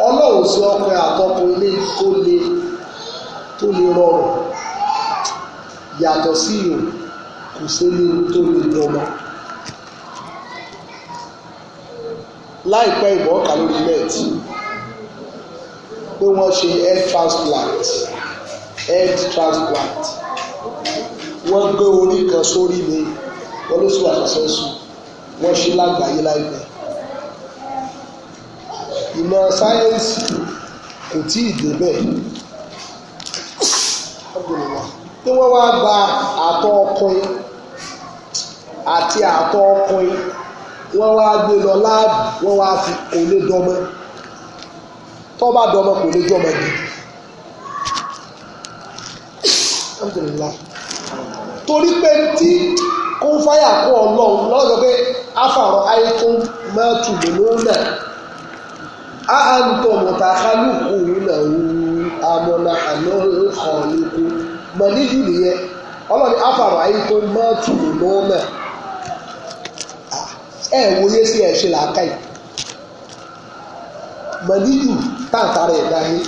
ọlọ́run sí ọkùnrin àtọkùnrin ní tó lè tó lè rọrùn yàtọ̀ sí ìhò kò sí ní tó lè dọmọ. láìpẹ́ ìbọn kà lórí net pé wọ́n ṣe head transplant head transplant wọ́n gbé orí kan sórí mi wọ́n ló sì wà sọ́sẹ́sù wọ́n ṣe lágbàáyé láìpẹ́ ìmọ̀ sáyẹ́ǹsì kò tí ì débẹ̀ tí wọ́n wá gba àtọ̀ ọkùnrin àti àtọ̀ ọkùnrin wọ́n wá gbé lọ láàbù wọ́n wá fi kò lè dọmọ tó bá dọmọ kò lè dọmọ gidi. torí pé tí kó ń fáyà kó ọlọ́run lọ́sọ̀ pé afàrọ̀ ayékún máa tù mí lónà á à ń tọ̀ mọ̀tà kálukú náà wú amọ̀nà àná ọ̀ọ́lẹ́kùn mọ̀ nídìí nìyẹn ọlọ́run afàrọ̀ ayékún máa tù mí lónà ẹ wòye sí ẹ ṣe làákàyè mọ̀lídù táǹtàrà ẹ̀dá yé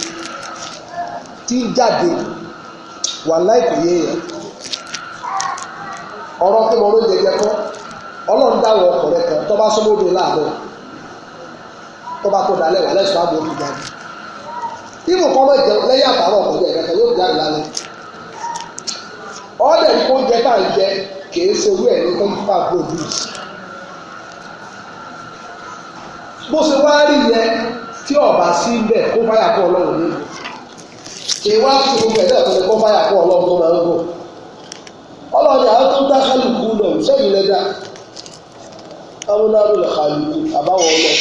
tí ń jáde wà láìpẹ́ yé yẹn ọ̀rọ̀ tó mọ̀ ló jẹjẹ kọ́ ọlọ́run dáwọ̀ ọkùnrin kan tó bá sọ́mọ́ obìnrin láàbọ̀ tó bá tó dalẹ̀ wà lẹ́sùn àbò òkú jáde ibù kọ́ mọ̀ jẹ lẹ́yìn àtàwọn ọkùnrin ẹ̀kẹ́kẹ́ yóò jáde lálẹ́ ọ̀ọ́dẹ̀ ní kó ń jẹ táà ń jẹ kì í ṣe owó ẹ̀ ní kó ń fà bó ṣe wá rí yẹn tí ọba sí bẹ̀ kó fáyà kọ́ ọlọ́run ní ìwà tó gbogbo ẹ̀dá tó lè kó fáyà kọ́ ọlọ́run tó máa ń bọ̀ ọlọ́run àwọn tó ń dá kálukú lọ sẹ́yìn lẹ́dá amúnáàlú lè kálukú àbáwọ̀ ọlọ́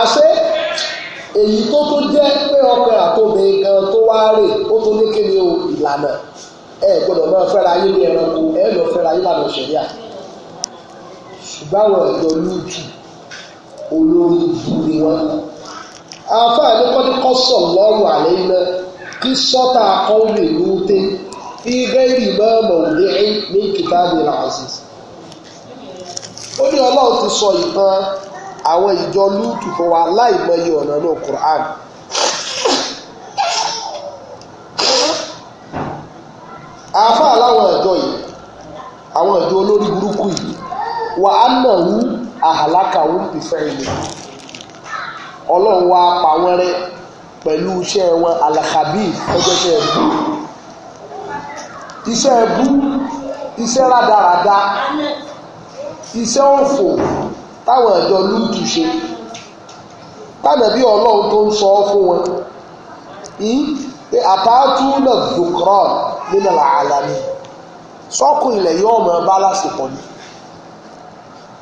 àṣẹ èyí tó tó jẹ́ pé ọkọ̀ àtòmí gan tó wá rè ó tó ní kí o ìlànà ẹ gbọ́dọ̀ máa fẹ́ra ayé ní ẹranko ẹ lọ fẹ́ra ayé lànà ìṣẹ̀lẹ̀ à ṣùgbọ́n àwọn ẹ̀dọ́ olórí ibú ni afa àdékọ́dé kọ́ sọ̀rọ̀ lọ́rùn kí sọ́tà akọ́wé lóde fi gẹ́rì mọ́ọ̀mọ́ òde ẹ̀ ní kìtàbí làásìs. ó ní ọlọ́run ti sọ ìtàn àwọn ìjọ lúùtù fún wa láì mọyì ọ̀nà Afọ Qur'an. afa àláwọn ìjọ yìí àwọn olórí burúkú yìí wà á àhàlákà ó ń pèfẹ́ ilé ọlọ́run wa pa wọ́n rẹ́ pẹ̀lú iṣẹ́ wọn alakabi ọjọ́ iṣẹ́ ẹ̀bú iṣẹ́ ẹ̀bú iṣẹ́ rádaràda iṣẹ́ òfò táwọn ẹ̀jọ́ lùtù ṣe tàbí ọlọ́run tó ń sọ ọ́ fún wọn pé àtàtú náà dùkúrọ̀ nínú àlàní sọ́kùn ilẹ̀ yóò mọ̀ ọ́ bá lásìkò ni.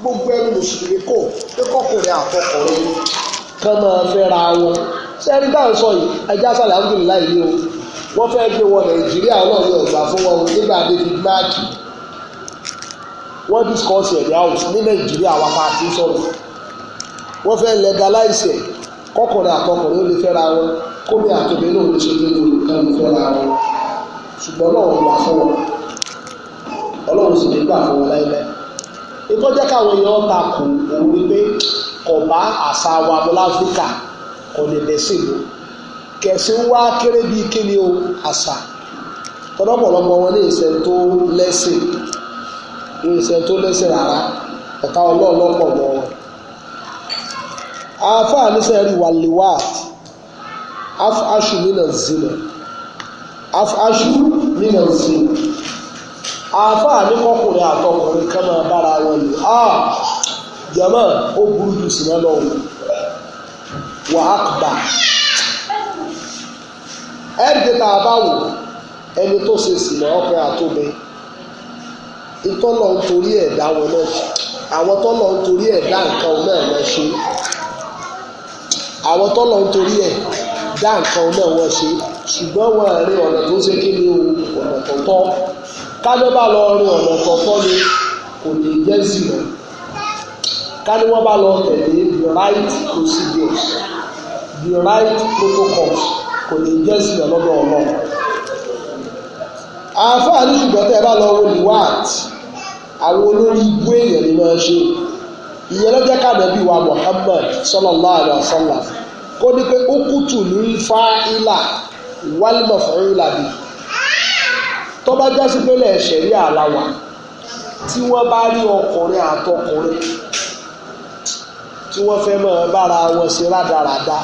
gbogbo ẹnu mùsùlùmí kò pé kọkùnrin àtọkùnrin kan máa fẹ́ra wọn sẹ́ni dáhùn sọ yìí ẹja sàlẹ̀ àbújá ìlú o wọ́n fẹ́ gbé wọn nàìjíríà náà ní ọ̀gbà fún wọn nígbà david máàkì wọ́n discuss ẹ̀ ní house ní nàìjíríà wà pa àti sọ̀rọ̀ wọ́n fẹ́ legalize ẹ̀ kọkùnrin àtọkùnrin ó lè fẹ́ra wọn kómi àtòbí náà ló ṣe gbé lórí kan ló fẹ́ra wọn ṣùgbọ́n náà wọ́n gbà fún wọn ọlọ́run sì ní gbà fún wọn láéláé ètò jẹ́ káwọn èèyàn ta kù òun ni pé kò bá àṣà wa mọ́ láfíríkà kò lè lẹ́sìn lò kẹ̀sìn wá kéré bíi kíni o àṣà tọ́lọ́pọ̀lọpọ̀ wọn ní ìṣẹ́ tó lẹ́sìn ní ìṣẹ́ tó lẹ́sìn rárá ọ̀tá ọlọ́ọ̀lọ́pọ̀ mọ́ wọn. àáfàá níṣẹ́ rí wàlíwáàt af aṣù nínà zina af aṣù nínà zina àfa àníkọkùnrin àtọkùnrin kan máa bára wọn lò á jama ó burú jù sí náà lọ́wọ́ wà á gbà ẹ̀ẹ́dẹ̀ tá a bá wò ẹni tó ṣe sì náà ọkùnrin àtòbẹ ìtọ́lọ̀ ń torí ẹ̀ dá wọn náà àwọn tọ́lọ̀ ń torí ẹ̀ dá náà náà ṣe àwọn tọ́lọ̀ ń ẹ̀ dá nǹkan náà wọ́n ṣe ṣùgbọ́n wọn àárín ọ̀nà tó ṣe kí ni ọ̀nà tó tọ́ kájọ́ bá lọ rin ọ̀nà kọ̀ọ̀kan ni kò lè jẹ́ zìnà ká ní wọ́n bá lọ tẹ̀lé the right procedures the right protocols kò lè jẹ́ zìnà lọ́dọ̀ ọlọ́run àáfàá ní ṣùgbọ́n tẹ́ ẹ bá lọ wo liwat àwọn olórí ibú èèyàn ni wọ́n ṣe ìyẹn ló jẹ́ kànábì wa Muhammad sallallahu alaihi wasallam kó ní pé ó kùtù ní fa ilà wálmọ̀ fún ìlàbí tó bá jásí pé lẹ́ẹ̀ṣẹ̀ rí àláwà tí wọ́n bá rí ọkùnrin àtọkùnrin tí wọ́n fẹ́ máa bára wọn ṣe rádaràda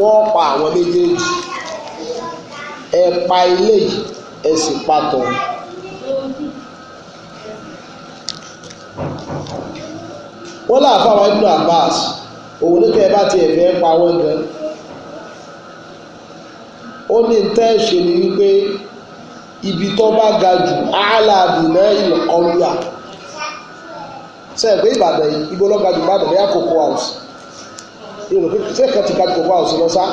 wọ́n pa àwọn méjèèjì ẹ pa ilé yìí ẹ sì pa tọ̀hún. wọ́n láàfà wá nínú Abbas òun ní kẹ́ ẹ bá tiẹ̀ fẹ́ pa wọ́n gan. ó ní tẹ́ ṣe ni wípé ibi tó bá ga jù aláàbìnà ìlọkọlùwà sẹ́yìn pé ìbàdàn yìí ibo ló ga jù ìbàdàn bẹ́ẹ̀ Cocoa House èrò pé sẹ́yìn ti ga jù Cocoa House lọ sá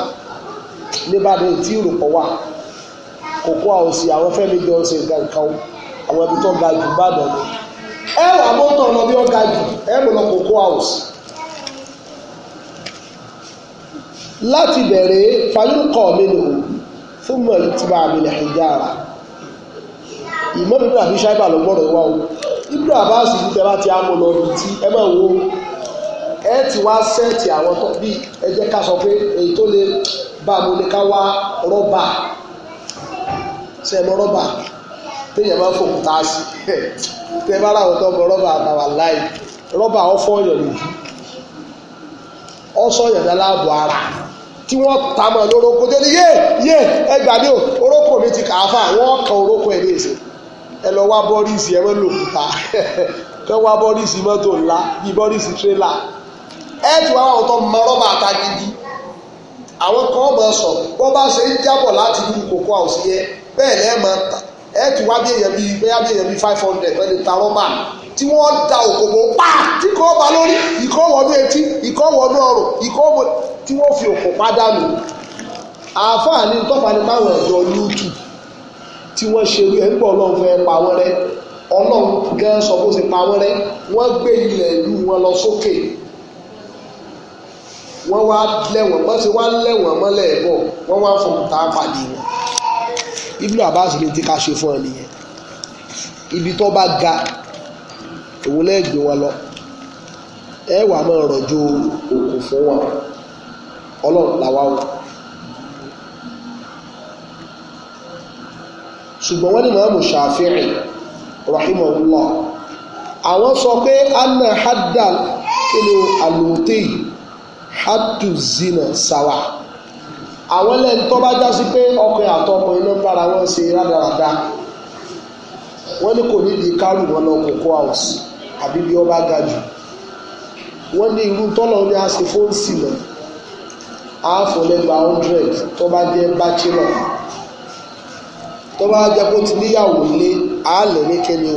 níbàdàn tí èrò pọ̀ wà Cocoa House àwọn Fẹ́mi Johnson kankan àwọn ibi tó ga jù ìbàdàn ni ẹ wà mọ́tò ọ̀nà bí ó ga jù ẹ mọ̀ lọ Cocoa House. láti bẹ̀rẹ̀ fayúkọ̀ mi nù fún mọ̀ ìtura mi lè hijára ìmọ̀mù ibùdó àbí ṣáìbà ló gbọ́dọ̀ o ibùdó àbáàsì ní tẹ́lá ti amú lọ ibi tí ẹ máa wo ẹ ti wá sẹ́ẹ̀tì àwọn tó bí ẹ jẹ́ ká sọ pé èyí tó lè bá a mo lè ká wá rọ́bà sẹ́ẹ̀mọ́ rọ́bà téèyàn máa ń fòkúta sí tẹ́ bá láwọn tó mọ rọ́bà àtàwà láì rọ́bà ọ̀fọ́ ọ̀yàn lòdì ọ̀sọ̀ ọ̀yàn dá láàbò ara tí wọ́n ta mọ̀ lórókó tó ní yé yé ẹgbàá ní orókó mi ti kàáfà wọ́n kan orókó ẹ̀ ní èsè ẹ lọ wá bọ́rìsì ẹ mọ́ lòkúta kẹ́ wá bọ́rìsì mọ́tò ńlá bíi bọ́rìsì tírélà ẹ ti wá àwọn tó mọ rọ́bà àtàgídí àwọn kan ọmọ sọ wọ́n bá ṣe ń jábọ̀ láti ní kókó àwòsí yẹ bẹ́ẹ̀ lẹ́ẹ̀ máa tà ẹ ti wá bí èèyàn bíi bẹ́ẹ̀ bí èèyàn bíi five hundred wọ́n lè ta rọ́bà tí wọ́n da òkòkò pa tí kò bá lórí ìkọ́ wọnú etí ìkọ́ wọnú ọrùn ìkọ́ wọnú tí wọ́n fi òkò padà nù àáfàá ní tọ́fà ní báwọn ẹ̀jọ̀ lútù tí wọ́n ṣe rí ẹgbẹ Ọlọ́run fẹ́ pa wọ́n rẹ́ Ọlọ́run gan sọ bó ṣe pa wọ́n rẹ́ wọ́n gbé ilẹ̀ ìlú wọn lọ sókè wọ́n wá lẹ́wọ̀n wọ́n ṣe wá lẹ́wọ̀n mọ́lẹ̀ ẹbọ wọ́n wá fọmù tá a pàdé wọn Ibn Abbas ló ti ká ṣe fún ọ nìyẹn ibi tó bá ga òun lẹ́gbẹ̀ẹ́ wọn lọ ẹ wàá máa rọ̀jò òkú fún wọn Ọlọ́run làwa wọn. ṣùgbọ́n wọ́n ní mọ̀ọ́mù ṣàfihàn rahimahullah àwọn sọ pé anna haddal kíni alùtí haddu zina sawa àwọn lẹ́nu tó bá já sí pé ọkùnrin àtọkùnrin ló ń bára wọn ṣe rádaràda wọ́n ní kò nídìí kárù wọn lọ kókó house àbí bí ọba ga jù wọ́n ní irú tọ́lọ̀ ní àṣẹ fóònù sílẹ̀ àáfọ̀ lẹ́gbàá hundred tó bá jẹ́ bachelor tó bá jẹ́ kó ti níyàwó ilé àálẹ̀ ní kíni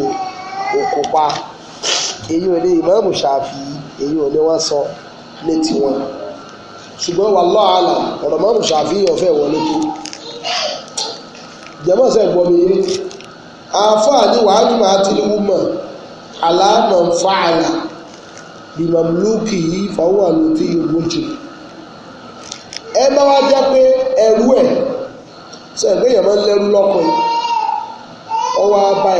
òkú pa èyí ò ní ìmáàmù ṣàfi èyí ò ní wọ́n sọ ní tiwọn ṣùgbọ́n wà lọ́ọ̀ọ́lá ọ̀rọ̀ máàmù ṣàfi ọ̀fẹ́ wọlé tó jẹ́mọ́ sẹ́ gbọ́ mi rí àáfàá ni wàhálù máa ti ní wúmọ̀ aláàmọ̀ fààlà bìmọ̀mùlùkì yìí fọwọ́ àlùtí ìwọ́jù ẹ bá wá jẹ́ pé ẹrú ẹ̀ sọ ẹgbẹ́ yẹn máa ń lẹ́rú lọ́kùnrin ọ á bá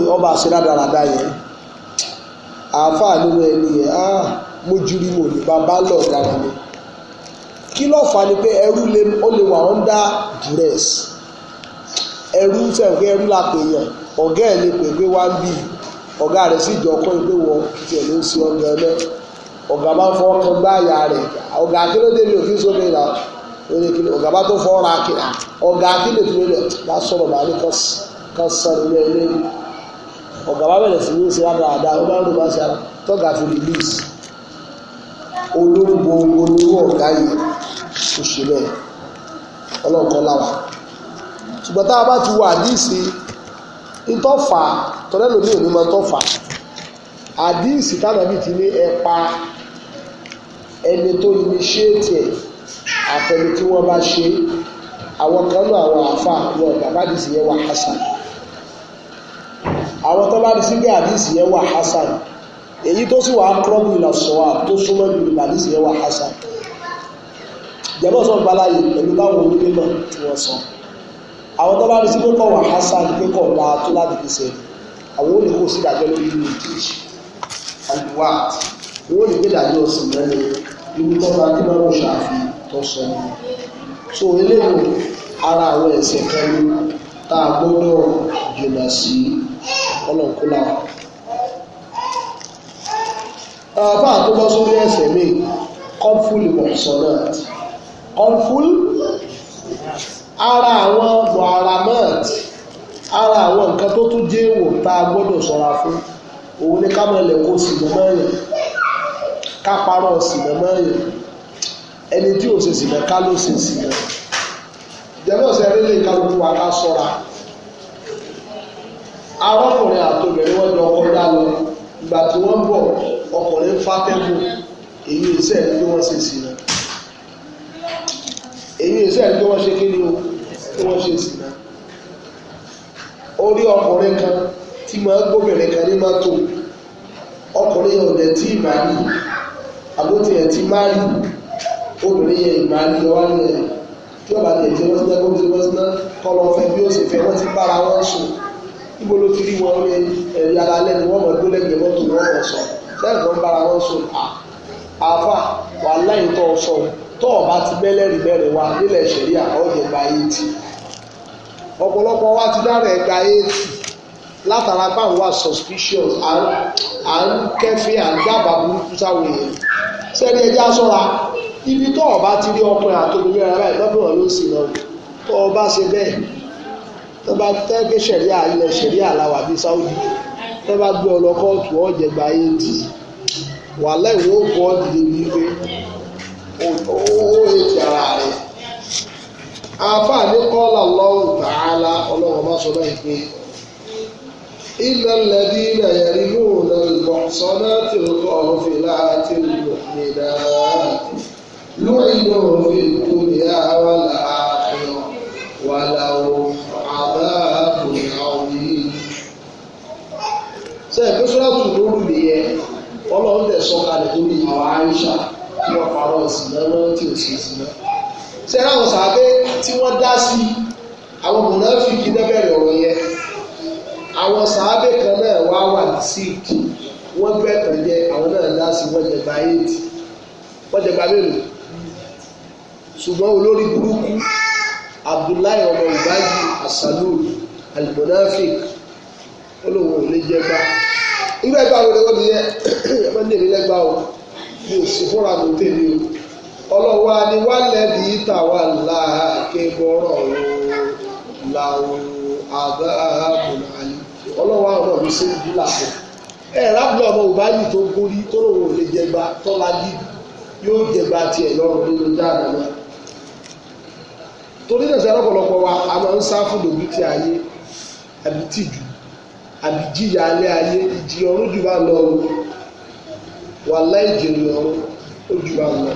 ẹrú ọba àṣírà dáradá yẹn àáfàá nínú ẹni yẹn á mójúrí mo ní bàbá lọ dára mi kí fà ni pé ẹrú ó lè wà ọ duress ẹrú sẹ̀gbẹ́ ẹrú la pè yàn ọ ẹ̀ lè pè pé wá ń bì rẹ̀ sì jọ pé ló ń ṣe máa ń fọwọ́ kan gbá àyà lórí kílò ọ̀gá bá tó fọ́ra kí à ọ̀gá kílò tó lórí bá sọ̀rọ̀ bá ní kan sọ̀rọ̀ ilé ilé ni ọ̀gá bá bẹ̀rẹ̀ sí ní ṣe rárá àdá ó bá ń rò bá ṣe tọ́gà fi release olórí gbogbo ní ọ̀gá yìí kò ṣe bẹ́ẹ̀ ọlọ́ọ̀kan láwa ṣùgbọ́n tá a bá ti wo àdíìsì ìtọ́fà tọ́lẹ́lòmí òní máa tọ́fà àdíìsì tánàbì ti ní ẹ̀pa ẹni tó initiate ẹ̀ àfẹni tí wọ́n bá ṣe àwọn kan náà àwọn àfa wọn bàbá àdìsí yẹn wà hasan àwọn tó bá dìsí pé àdìsí yẹn wà hasan èyí tó sì wà á kúrọ́bù ìlàsọ̀wà tó súnmọ́ ìlú àdìsí yẹn wà hasan jẹ́bọ́ sọ gbalaye pẹ̀lú báwọn onímọ̀ tí wọ́n sọ àwọn tó bá dìsí pé wà hasan pé kọ̀ tó láti fi ṣe àwọn olùkó sí ìdájọ́ lórí ìlú ìdíjì àlùwà wọ́n lè gbé ìdájọ́ sí mẹ́rin ìlú tó bá dé ṣàfihàn tó sọ ni so eléyìí ara àwọn ẹ̀sẹ̀ kan ní tá a gbọ́dọ̀ jìnnà sí ọlọ́nkúlà. àbá tó bọ́ sórí ẹ̀sẹ̀ mi kọ́ńfúlì mọ̀sánnáàt kọ́ńfúlì ara àwọn muharamat ara àwọn nǹkan tó tún jẹ́ èèwọ̀ tá a gbọ́dọ̀ sọ̀ra fún òun ní ká mọ̀ ẹ̀lẹ́kọ̀ọ́ sì mọ́ mọ́ yẹn ká parọ́ sì mọ́ mọ́ yẹn ẹni tí o ṣe sì náà ká ló ṣe sì náà ìjẹ́bí ọ̀sẹ̀ eré lè kálukú wa ká sọ́ra arọ́kùnrin àtòbìnrin wọn jọ kọjá lọ ìgbà tí wọ́n ń bọ̀ ọkùnrin fátẹ́kù èyí iṣẹ́ ẹni tí wọ́n ṣe sì náà èyí iṣẹ́ ẹni tí wọ́n ṣe kí o tí wọ́n ṣe sì náà orí ọkùnrin kan tí máa ń gbóbìnrin kan ní mọ́tò ọkùnrin ọ̀dẹ̀ tí ì máa yìí àbótiẹ̀ tí máa yìí obìnrin yẹn ìgbà ní ọwá ní ẹ̀ tí ọba tẹ̀ tí wọ́n ti dẹ́kun tí wọ́n ti ná lọ fẹ́ bí ó sì fẹ́ ti bára wọn sùn níbo ló ti rí wọn ní ẹ̀rí alalẹ́ ni wọ́n mọ̀ tó lẹ́gbẹ̀ẹ́ mọ́tò wọn mọ̀ sọ sẹ́ẹ̀kan bára wọn sùn àfà wà láyé tó o sọ tó ọba ti bẹ́lẹ́rì bẹ̀rẹ̀ wa nílẹ̀ ṣẹ̀ríà ọ̀jẹ̀ gba eighty ọ̀pọ̀lọpọ̀ wa ti dára ẹ̀ gba eighty látara báwọn wà suspicious à ń kẹ́fẹ́ à ń dábàá burúkú sáwọn èèyàn sẹ́ni ẹjẹ́ aṣọ́ra ibi tó o bá ti rí ọkùnrin àtòmílẹ̀ ara báyìí lọ́bìnrin ló sì lọ tó o bá ṣe bẹ́ẹ̀ tó bá tẹ́ pé ṣẹ̀ríà ilẹ̀ ṣẹ̀ríà làwà bíi Saudi tó bá gbé ọ lọ kóòtù ọ̀jẹ̀ gba eighty wà lẹ́yìn ó bọ́ dìde wípé ó ètì ara rẹ̀ àáfàá ní kọ́là lọ́wọ́ tààlà ọlọ́run bá sọ báyìí pé ilẹ̀ lẹ́bí ilẹ̀ yẹrí lóòrùn lẹ́yìn lọ́sọ̀nà tìrìkọ̀ ọ̀rọ̀ fìlà àti ìlú nìdáàtì. لعنوا في الدنيا والآخرة ولهم عذاب عظيم sẹ́yìn sọ́dọ̀tù lóru nìyẹn ọlọ́run tẹ̀ sọ́kalẹ̀ lórí àwọn Aisha tí wọ́n parọ́ sí lọ́wọ́ tí ò sí sí náà sẹ́yìn àwọn sàbẹ́ tí wọ́n dá sí àwọn mùnáfíkì dẹ́bẹ̀rẹ̀ ọ̀rọ̀ yẹn àwọn sàbẹ́ kan náà wá wà ní síìkì wọ́n bẹ̀ẹ̀ tàn jẹ́ àwọn náà dá sí wọ́n jẹba éèdì wọ́n jẹba mélòó ṣùgbọ́n olórí burúkú abdullahi ọmọ ubayi asalul almonafik olóhùn ò lè jẹgba irú ẹgbẹ́ àwọn ọ̀rẹ́ wọn ni yẹ ẹ máa ń lè lẹ́gbà o mi ò sí fúnra mi tèmi o ọlọ́wà ni wálẹ̀ bí tàwa là kébọ̀rọ̀ o làwọn àdáàbùn àlè ọlọ́wà ọ̀rọ̀ mi sí ìlú làkọ̀ ẹ rábìlì ọmọ ubayi tó gorí tó lóhùn ò tọ́lá yìí yóò jẹgba tiẹ̀ lọ́rùn nínú dáadáa náà torí náà sẹ́yìn lọ́pọ̀lọpọ̀ wa a máa ń sá fún lòdì tí ayé àbí tìjú àbí jíyà alẹ́ ayé ìjì ọ̀run jù bá lọ o wà láì jèrè ọ̀run ó jù bá lọ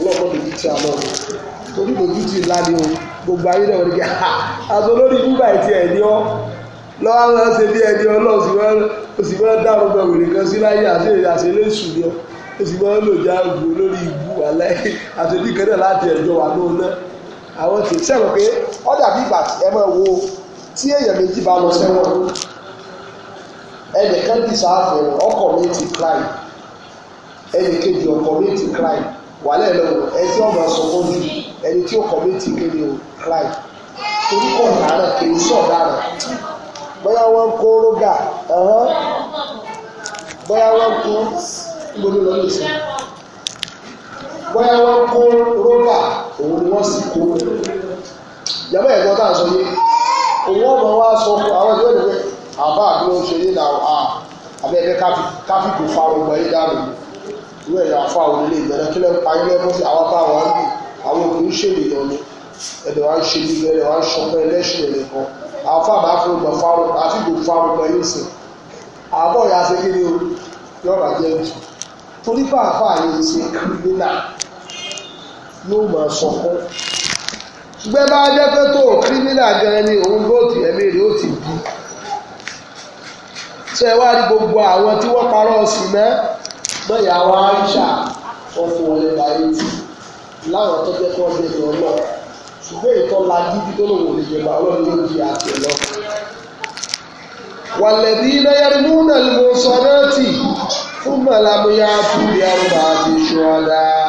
ọlọ́pọ̀ lòdì tí a lọ o torí lòdì tí ńlá ni o gbogbo ayé náà wọ́n ti kẹ́ ha àti olórí bíbá ẹ̀ ti ẹ̀ ní ọ́ lọ́wọ́ máa ń ṣe bí ẹni ọlọ́run sì máa ń dárò bẹ wèrè kan sí láyé àti àṣeléṣù ni ó sì máa ń lò já ògùn lórí ìbú àlẹ́ àti oníkẹ́dẹ̀ láti ẹ̀jọ̀ wà lóun náà àwọn tè sẹ́wọ̀n pé ó dàbí ìgbà ẹ máa wo tí èèyàn méjì bá lọ sẹ́wọ̀n ẹnìkan bí sáfẹ̀ ọkọ̀ mi ti crime ẹnìkejì ọkọ̀ mi ti crime wàhálà ẹ̀ lọ́wọ́ ẹ tí ọmọ sọ̀kọ́ ju ẹni tí ó kọ̀ mi ti kéde o crime torí kọ̀ dára kìí sọ̀ dára bóyá wọ́n kó rógà bóyá wọ́n kó gbogbo lọ́wọ́ ìsìn bóyá wọ́n kó rógà òun ni wọ́n sì kó ìjàmbá ẹ̀gbọ́n tá à ń sọ yé òun ọmọ wa sọ fún àwọn ìjọba ìgbẹ́ àbá àbí wọn ṣe yé na à abẹ́ẹ̀bẹ́ káfí kò fa àwọn ọgbà yé dànù ìwé ẹ̀yà fún àwọn ilé ìgbẹ́rẹ́ kílẹ̀ ń pa ilé ẹ̀kọ́ sí àwọn bá wọn bì àwọn òkùnrin ṣèlèyàn ni ẹ̀dẹ̀ wa ń ṣe bí ẹ̀dẹ̀ wa ń ṣọpẹ́ ẹlẹ́ṣin ẹ̀lẹ́ kan àwọn fáàmù àfọwọ́gbà fáwọn àfi kò fa àwọn ọgbà yóò sìn àbọ̀ yóò máa sọ fún ṣùgbẹ́ bá jẹ́ pé tó kírímínà gan ni òun ló ti ẹ̀mí rẹ̀ ó ti bí ṣe wá rí gbogbo àwọn tí wọ́n parọ́ sí mẹ́ lọ́yà wa Aisha ọ̀fọ̀ ọ̀lẹ̀ bàyẹ̀tì láwọn tó jẹ́ kọ́ bẹ̀rẹ̀ ọ̀nà ṣùgbọ́n ìtọ́ la gidi tó lòun ò lè jẹ̀bà ọlọ́run ló di àti lọ. wàlẹ̀bí náyẹ̀rì múnà ló sọ náà tì fún màlámúyá fúlẹ̀ àrùbá àti ṣọ́ọ́dáa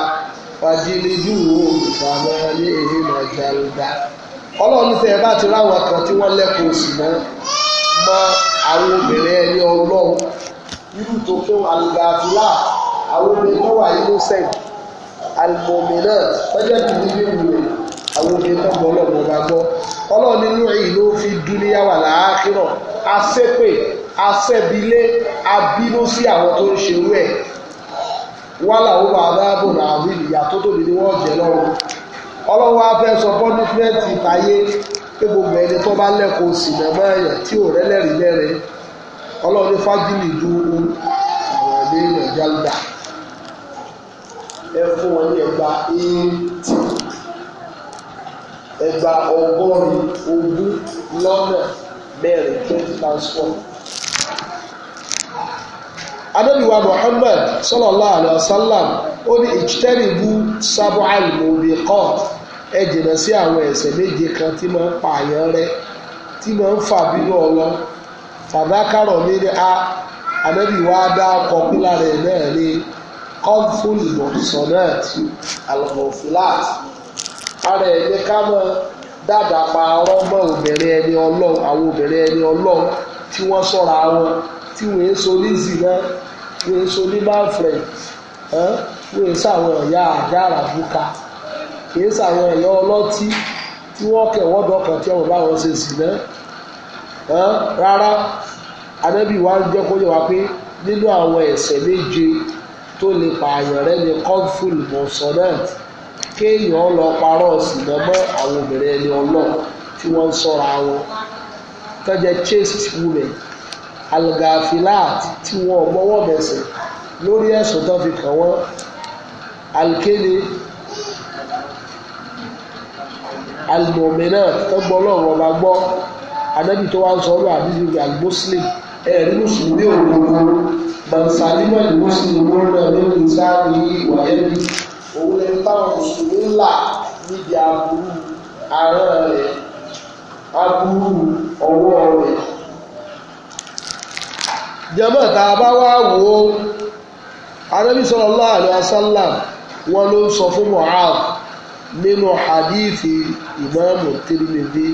fàjìlìdúwò ìfàmọ́lé ìmọ̀jàlùdà ọlọ́run tẹ ẹ bá ti ráwọn kan tí wọ́n lẹ́kọ̀ọ́ sí mọ́ mọ́ àwọn obìnrin ẹni ọlọ́run irú tó fún alùgàfúlà àwọn obìnrin náà wà innocent alùmọ̀mí náà tọ́jọ́ tó ní bí wùlò àwọn obìnrin náà mọ́ ọlọ́run ọba gbọ́ ọlọ́run nínú èyí ló fi dúníyà wà láàkírọ̀ asépè asẹ́bilé abínú sí àwọn tó ń ṣerú ẹ̀ wàhálà ó bá adáàbò na àbí ìyà tó tóbi ni jẹ lọ́wọ́ ọlọ́wọ́ afẹ́ sọ pọ́nífẹ́ẹ̀tì táyé pé gbogbo ẹni tó bá lẹ́kọ̀ọ́ sinimá ẹ̀yàn tí ò rẹ́lẹ́rìí lẹ́rẹ́ ọlọ́run ní fájìlì ju anábìwá Muhammad sallallahu alaihi wasallam ó ní ìjítẹ́rìbù sábọ́ àìmọ̀bì kọ́ ẹ jìnnà sí àwọn ẹ̀ṣẹ̀ méje kan tí máa ń pààyàn rẹ tí máa ń fà bínú ọlọ fàdákàrọ̀ mi ní a anábìwá dá ọkọ̀ pílà rẹ̀ náà ní kọ́ńfúlì mọ̀sánnáàtì alọ́fúláàtì ara ẹ̀ ní ká máa dáadáa pa ọ̀rọ̀ mọ́ obìnrin ẹni ọlọ́run àwọn obìnrin ẹni ọlọ́run tí wọ́n sọ̀rọ̀ àwọn tí wọ́n èso ní zina wọ́n èso ní manfred wọ́n èso àwọn ẹ̀yà àjà àràbùkà kì í sàwọn ẹ̀yà ọlọ́tí tí wọ́n kẹ̀wọ́ dọ̀kan tí wọ́n bá wọn ṣe zina rárá anábì wa ń jẹ́ kó yẹ wá pé nínú àwọn ẹ̀ṣẹ̀ méje tó lè pààyàn rẹ ni kọ́ńfùl mọ̀sánnáàtì kéèyàn lọ parọ́ ọ̀sìnà mọ́ àwọn obìnrin ẹni ọlọ́ọ̀ tí wọ́n ń sọ́ra wọn tọ́jẹ́ chaste women algafilat tí wọn ò gbọ́wọ́ bẹ̀sẹ̀ lórí ẹ̀sùn tó fi kàn wọ́n alkele almọ̀mẹ́nà tó gbọ́ lọ́rùn ọba gbọ́ anábì tó wá ń sọ ọ́rọ̀ àbíjú almuslim ẹ̀rí mùsùlùmí òdodo bàǹsálímọ̀ ní mùsùlùmí òdodo nínú ìsáàbí ìwà ẹ̀bí òun lẹ́nu táwọn mùsùlùmí ńlá níbi aburú ara rẹ̀ aburú ọwọ́ rẹ̀ jẹ́mọ́ tá a bá wá wò ó anábì sallallahu alaihi wasallam wọn ló ń sọ fún Mu'adh nínú hadithi ìmáàmù Tirmidhi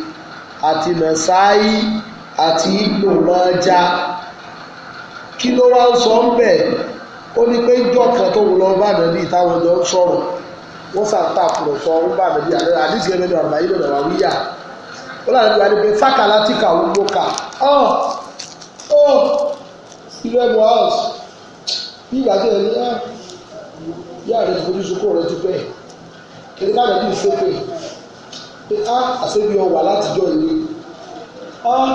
àti Nasa'i àti Ibnu Majah kí ló wá ń sọ ń bẹ̀ ó ní pé ìjọ kan tó ń lọ bá nàbí táwọn jọ ń sọ̀rọ̀ wọ́n sàtàkùrọ̀ sọ ń bá nàbí àlẹ́ àdìsí ẹgbẹ́ ní àbáyé lọ́dọ̀ wà wíyà ó láti wá ní pé fákàlá tìkà ó gbóka ọ́ kí ló ẹ̀mú out bí ìgbà tí ẹni á ah, yá rẹ ti fojú sunkún rẹ ti pẹ́ kẹlẹ́ ká lẹ́bí ìsépè pé á ah, àṣẹbí ọwà látijọ́ ìlú á ah,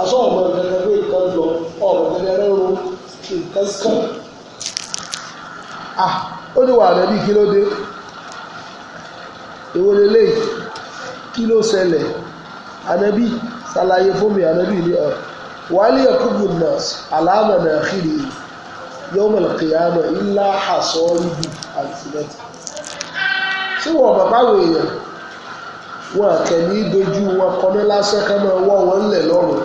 aṣọ ọmọ ìrẹ̀lẹ̀ pé nǹkan lọ ọ̀rọ̀ ìrẹ̀lẹ̀ ro nǹkan sàn á ó ní wà rẹ bí kí ló dé èwo lélẹ́yìí kí ló ṣẹlẹ̀ ànábì ṣàlàyé fún mi ànábì ní ọ̀rọ̀ wàhálì yakubu nas alama na àkìrì yọmọ kìyàmọ ilá àṣọ ibi àtìlẹtì tí wọn bàbá wò èèyàn wọn àkẹni dojú wọn kọná lásán ká máa wọ wọn lẹ lọ́rùn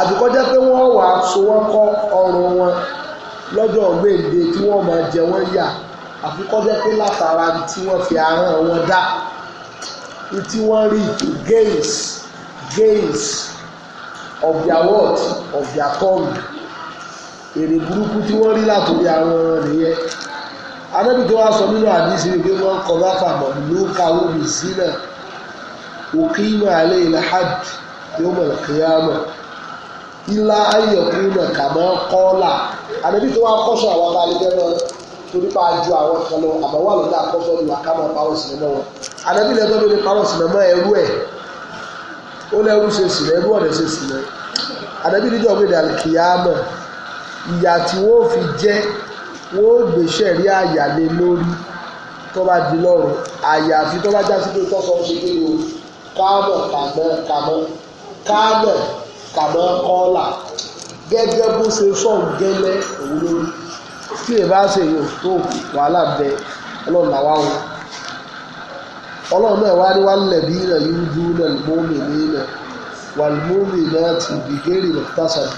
àbíkọjá pé wọn wà so wọn kọ ọrùn wọn lọ́jọ́ gbèǹde tí wọn máa jẹ wọn yà àfikọjá pé látara tí wọn fi ahọ́n wọn dá tí wọn rí gains gains of their what of their tongue èrè burúkú tí wọ́n rí látòrí àwọn nìyẹn anábì tó wá sọ nínú àdísí wípé wọ́n kọ́ lápá mọ̀ ló kàwé mi sílẹ̀ òkè ìmọ̀ alẹ́ ilẹ̀ hajj yóò mọ̀ kíyàmọ̀ ilá ayẹ̀kú náà kàmọ́ kọ́ọ́là àdébí tó wá kọ́sọ̀ àwọn bá lè bẹ́ẹ̀ torí bá ju àwọn kan lọ àbáwọ̀ àlọ́dà kọ́sọ̀ ni wà ká máa parọ́ sinimá wọn àdébí lẹ́tọ́ bí lè parọ́ sinimá ẹrú ẹ̀ ó lẹ́rú ṣe sì lẹ́rú ọ̀rẹ́ ṣe sì lẹ́rú àdẹ́bí níjọ́ pé dàlùkìyàmọ̀ ìyà tí wọ́n fi jẹ́ wọ́n gbèsè rí àyà lé lórí tó bá di lọ́rùn àyàfi tó bá já sí pé tọ́sọ ń ṣe o kámọ̀ kàmọ́ kàmọ́ kámọ̀ kàmọ́ kọ́là gẹ́gẹ́ bó ṣe sọ̀n gẹ́lẹ́ òun lórí tí èèbá ṣe yòó tó wàhálà bẹ ọlọ́run làwọn àwọn ọlọ́run náà wá ní wá lẹ̀bí náà yóò dú náà lùmọ́mì ní náà wà lùmọ́mì náà ti bìgẹ́rì lọ́tàṣàlì.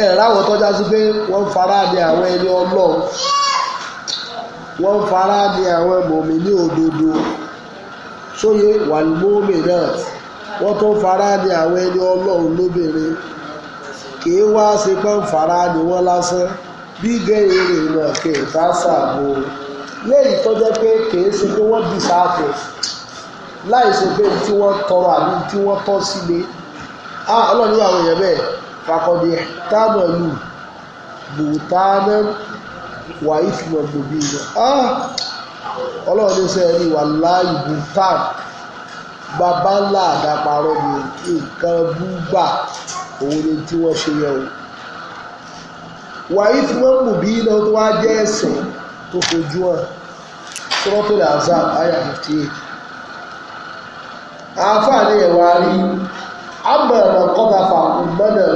ẹ ráwọ̀ tọ́já sí pé wọ́n fara ní àwọn ẹni ọlọ́run wọ́n fara ní àwọn mọ̀mí ní òdodo sóye wà lùmọ́mì náà wọ́n tó fara àwọn ẹni ọlọ́run lóbìnrin kìí wá ṣe pé ń fara wọ́n lásán bí gẹ́rẹ́ rẹ̀ náà kẹta ṣàbò léyìí tó jẹ́ pé kìí ṣe pé wọ́n dì sáfẹ́ láì ṣe pé tí wọ́n tọrọ àbí tí wọ́n tọ́ sílé ọlọ́run ní àwọn èèyàn bẹ́ẹ̀ fàkọ̀dé táàmù ẹ̀lú bùtánà wà ìfìmọ̀ gbòbí lọ ọlọ́run ní sẹ́yìn ní wà láàyè bùtán bàbá ńlá àdàparọ́ ni nǹkan búgbà òun ni tí wọ́n ṣe yẹ o wà ìfìmọ̀ gbòbí lọ tó wá jẹ́ ẹ̀sìn tó fojú hàn sọ́rọ́tòlì azab aya fifty eight àáfàá ni ẹ̀wà rí abẹ̀rẹ̀ kọ́dà fà ọ̀gbọ́dẹ̀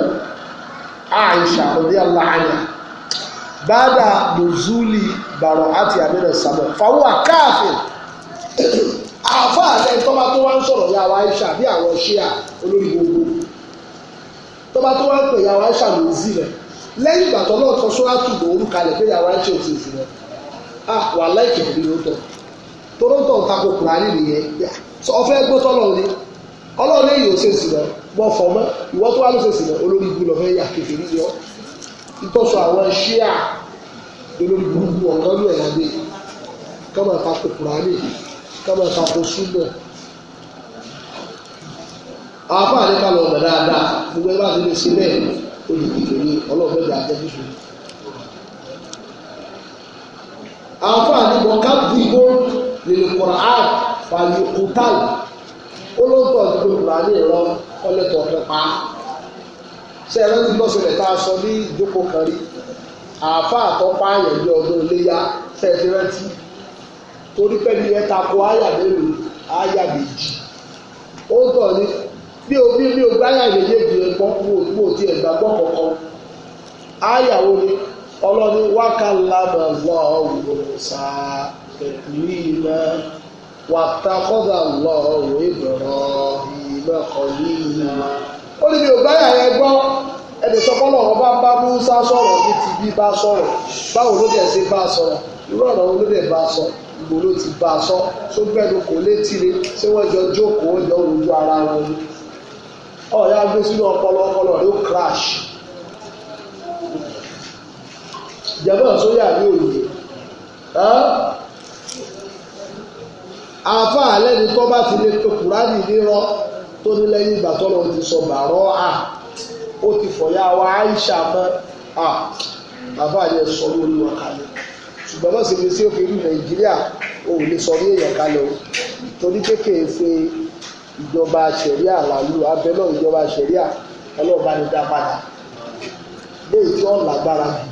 Aisha radiyallahu anha bada nuzuli bàrọ̀ àti àbẹ̀rẹ̀ sàmọ̀ fàwọn àkáàfin àfa àlẹ tọ́ba tó wá ń sọ̀rọ̀ ya wa bí àwọn ṣíà olórí gbogbo tọ́ba tó wá ń pè ya wa Aisha rẹ̀ lẹ́yìn ìgbà tó lọ́ọ̀tọ́ sọ́ra tù lóorùn pé ya wa Aisha ò ah wà láìkè òbí ló tọ̀ tóró tọ̀ ń takò kùránì nìyẹn ọ̀fẹ́ gbó sọ́lọ̀ ni ọlọ́run lè yóò ṣèṣì lọ bọ́ fọmọ́ ìwọ́ tó wà ló ṣèṣì lọ olórí ibu lọ fẹ́ yà kẹfẹ́ ní yọ ìtọ́sọ àwọn ṣíà olórí burúkú ọ̀gá ní ẹ̀yà dé kọ́mọ̀ takò kùránì kọ́mọ̀ takò súnmọ̀ àwọn afáàní kalọ̀ ọ̀gbẹ̀ dáadáa gbogbo ẹ bá ti lè ṣe bẹ́ẹ̀ olùdíje ní ọlọ́ọ̀gbẹ́gbẹ́ àjẹjúṣe àǹfààní bọ̀ kábíyìbó lèlè kọ̀ọ̀án fàlùkùtàl olóńtọ̀ tó kùránì ìrọ kọ́lẹ́tọ̀ ọ̀fẹ́ pa ṣe ẹ̀rọ ní lọ́sẹ̀lẹ̀ tá a sọ ní ìjókòó kan rí àáfàá àtọ́pá àyàn ní ọdún iléyà fẹ́ẹ̀tì rántí torí pẹ́ẹ́lí ẹ̀ tako àyà mélòó àyà méjì ó ń tọ̀ ní bí o bí mi ò gbáyà méjèèjì ẹ̀ gbọ́ mo tí ẹ̀ gbàgbọ́ kọ̀ọ̀kan àyà wo ni ọlọ́ni wákàlámà lọ́ọ̀wọ̀ sá tẹ̀lé iná wàtàkọ́dà lọ́ọ̀wọ̀ ìbẹ̀rọ̀ ìmọ̀ kọ̀lí iná. ó ní mi ò báyà yẹn gbọ́ ẹnì sọpọ́lọ́ ọ̀rọ̀ bá bá Musa sọ̀rọ̀ ní ti bí bá sọ̀rọ̀ báwo ló dẹ̀ ṣe bá sọ̀rọ̀ irú ọ̀rọ̀ wo ló dẹ̀ bá sọ ìgbò ló ti bá sọ tó gbẹ́nu kò létí ni ṣé wọ́n jọ jókòó jọ rojú ara wọn ni ya, gbé sínú ọpọlọ ọpọlọ rẹ̀ ó crash jẹ́mọ́ sóyà ní òye àfa àlẹ́ni tó bá ti lè pe kùránì nírọ́ tó ní lẹ́yìn ìgbà tó lọ́wọ́ ti sọ bàárọ̀ à ó ti fọ̀yà wa Aisha mọ́ à àfa àlẹ́ sọ lórí wọn kalẹ̀ ṣùgbọ́n bọ́sẹ̀ mi sí òfin Nàìjíríà ò lè sọ ní èèyàn kalẹ̀ o torí kékeré ṣe ìjọba ṣẹ̀ríà làlú abẹ́ náà ìjọba ṣẹ̀ríà ọlọ́ọ̀bá ni dá padà léyìí tí wọ́n lágbára jù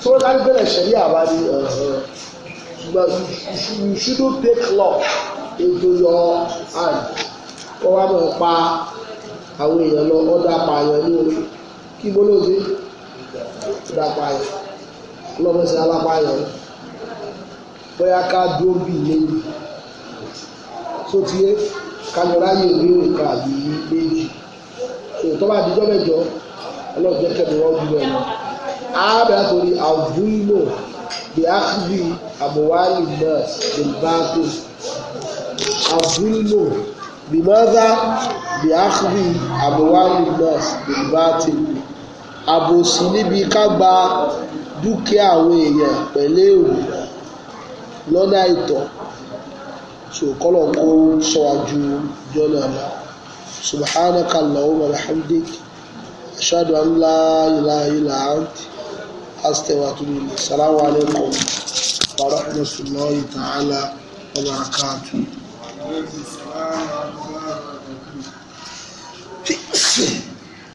So that very Sharia body, but you should not take law into your hand. Wọ́n wá mọ̀ pa àwọn èèyàn lọ, wọ́n dá pààyàn ní orí. Kí gbólóògbé dá pààyàn. Lọ́mọ̀sí alápààyàn. Bóyá ká dúró bì lẹ́yìn. Sotiye kanyọ̀ráyè ìbéèrè kan àbí méjì. Tòótọ́ bá dijọ́ mẹ́jọ, ọlọ́run jẹ́ kẹ́mi wọ́n jù lọ àádọ́tòrí àvúlò bí ákìlì àmúwálì náà bilbato àvúlò bí mọ́dá bí ákìlì àmúwálì náà bilbato àbòsí níbi ká gba dúkìá àwọn èèyàn pẹ̀lú èrò lọ́nà àìtọ́ so kọ́lọ̀ kó sọ́wájú jọ́nà náà. سبحانك اللهم وبحمدك أشهد أن لا إله astagfirullah assalamu alaikum wa rahmatullahi ta'ala wa barakatuh Peace.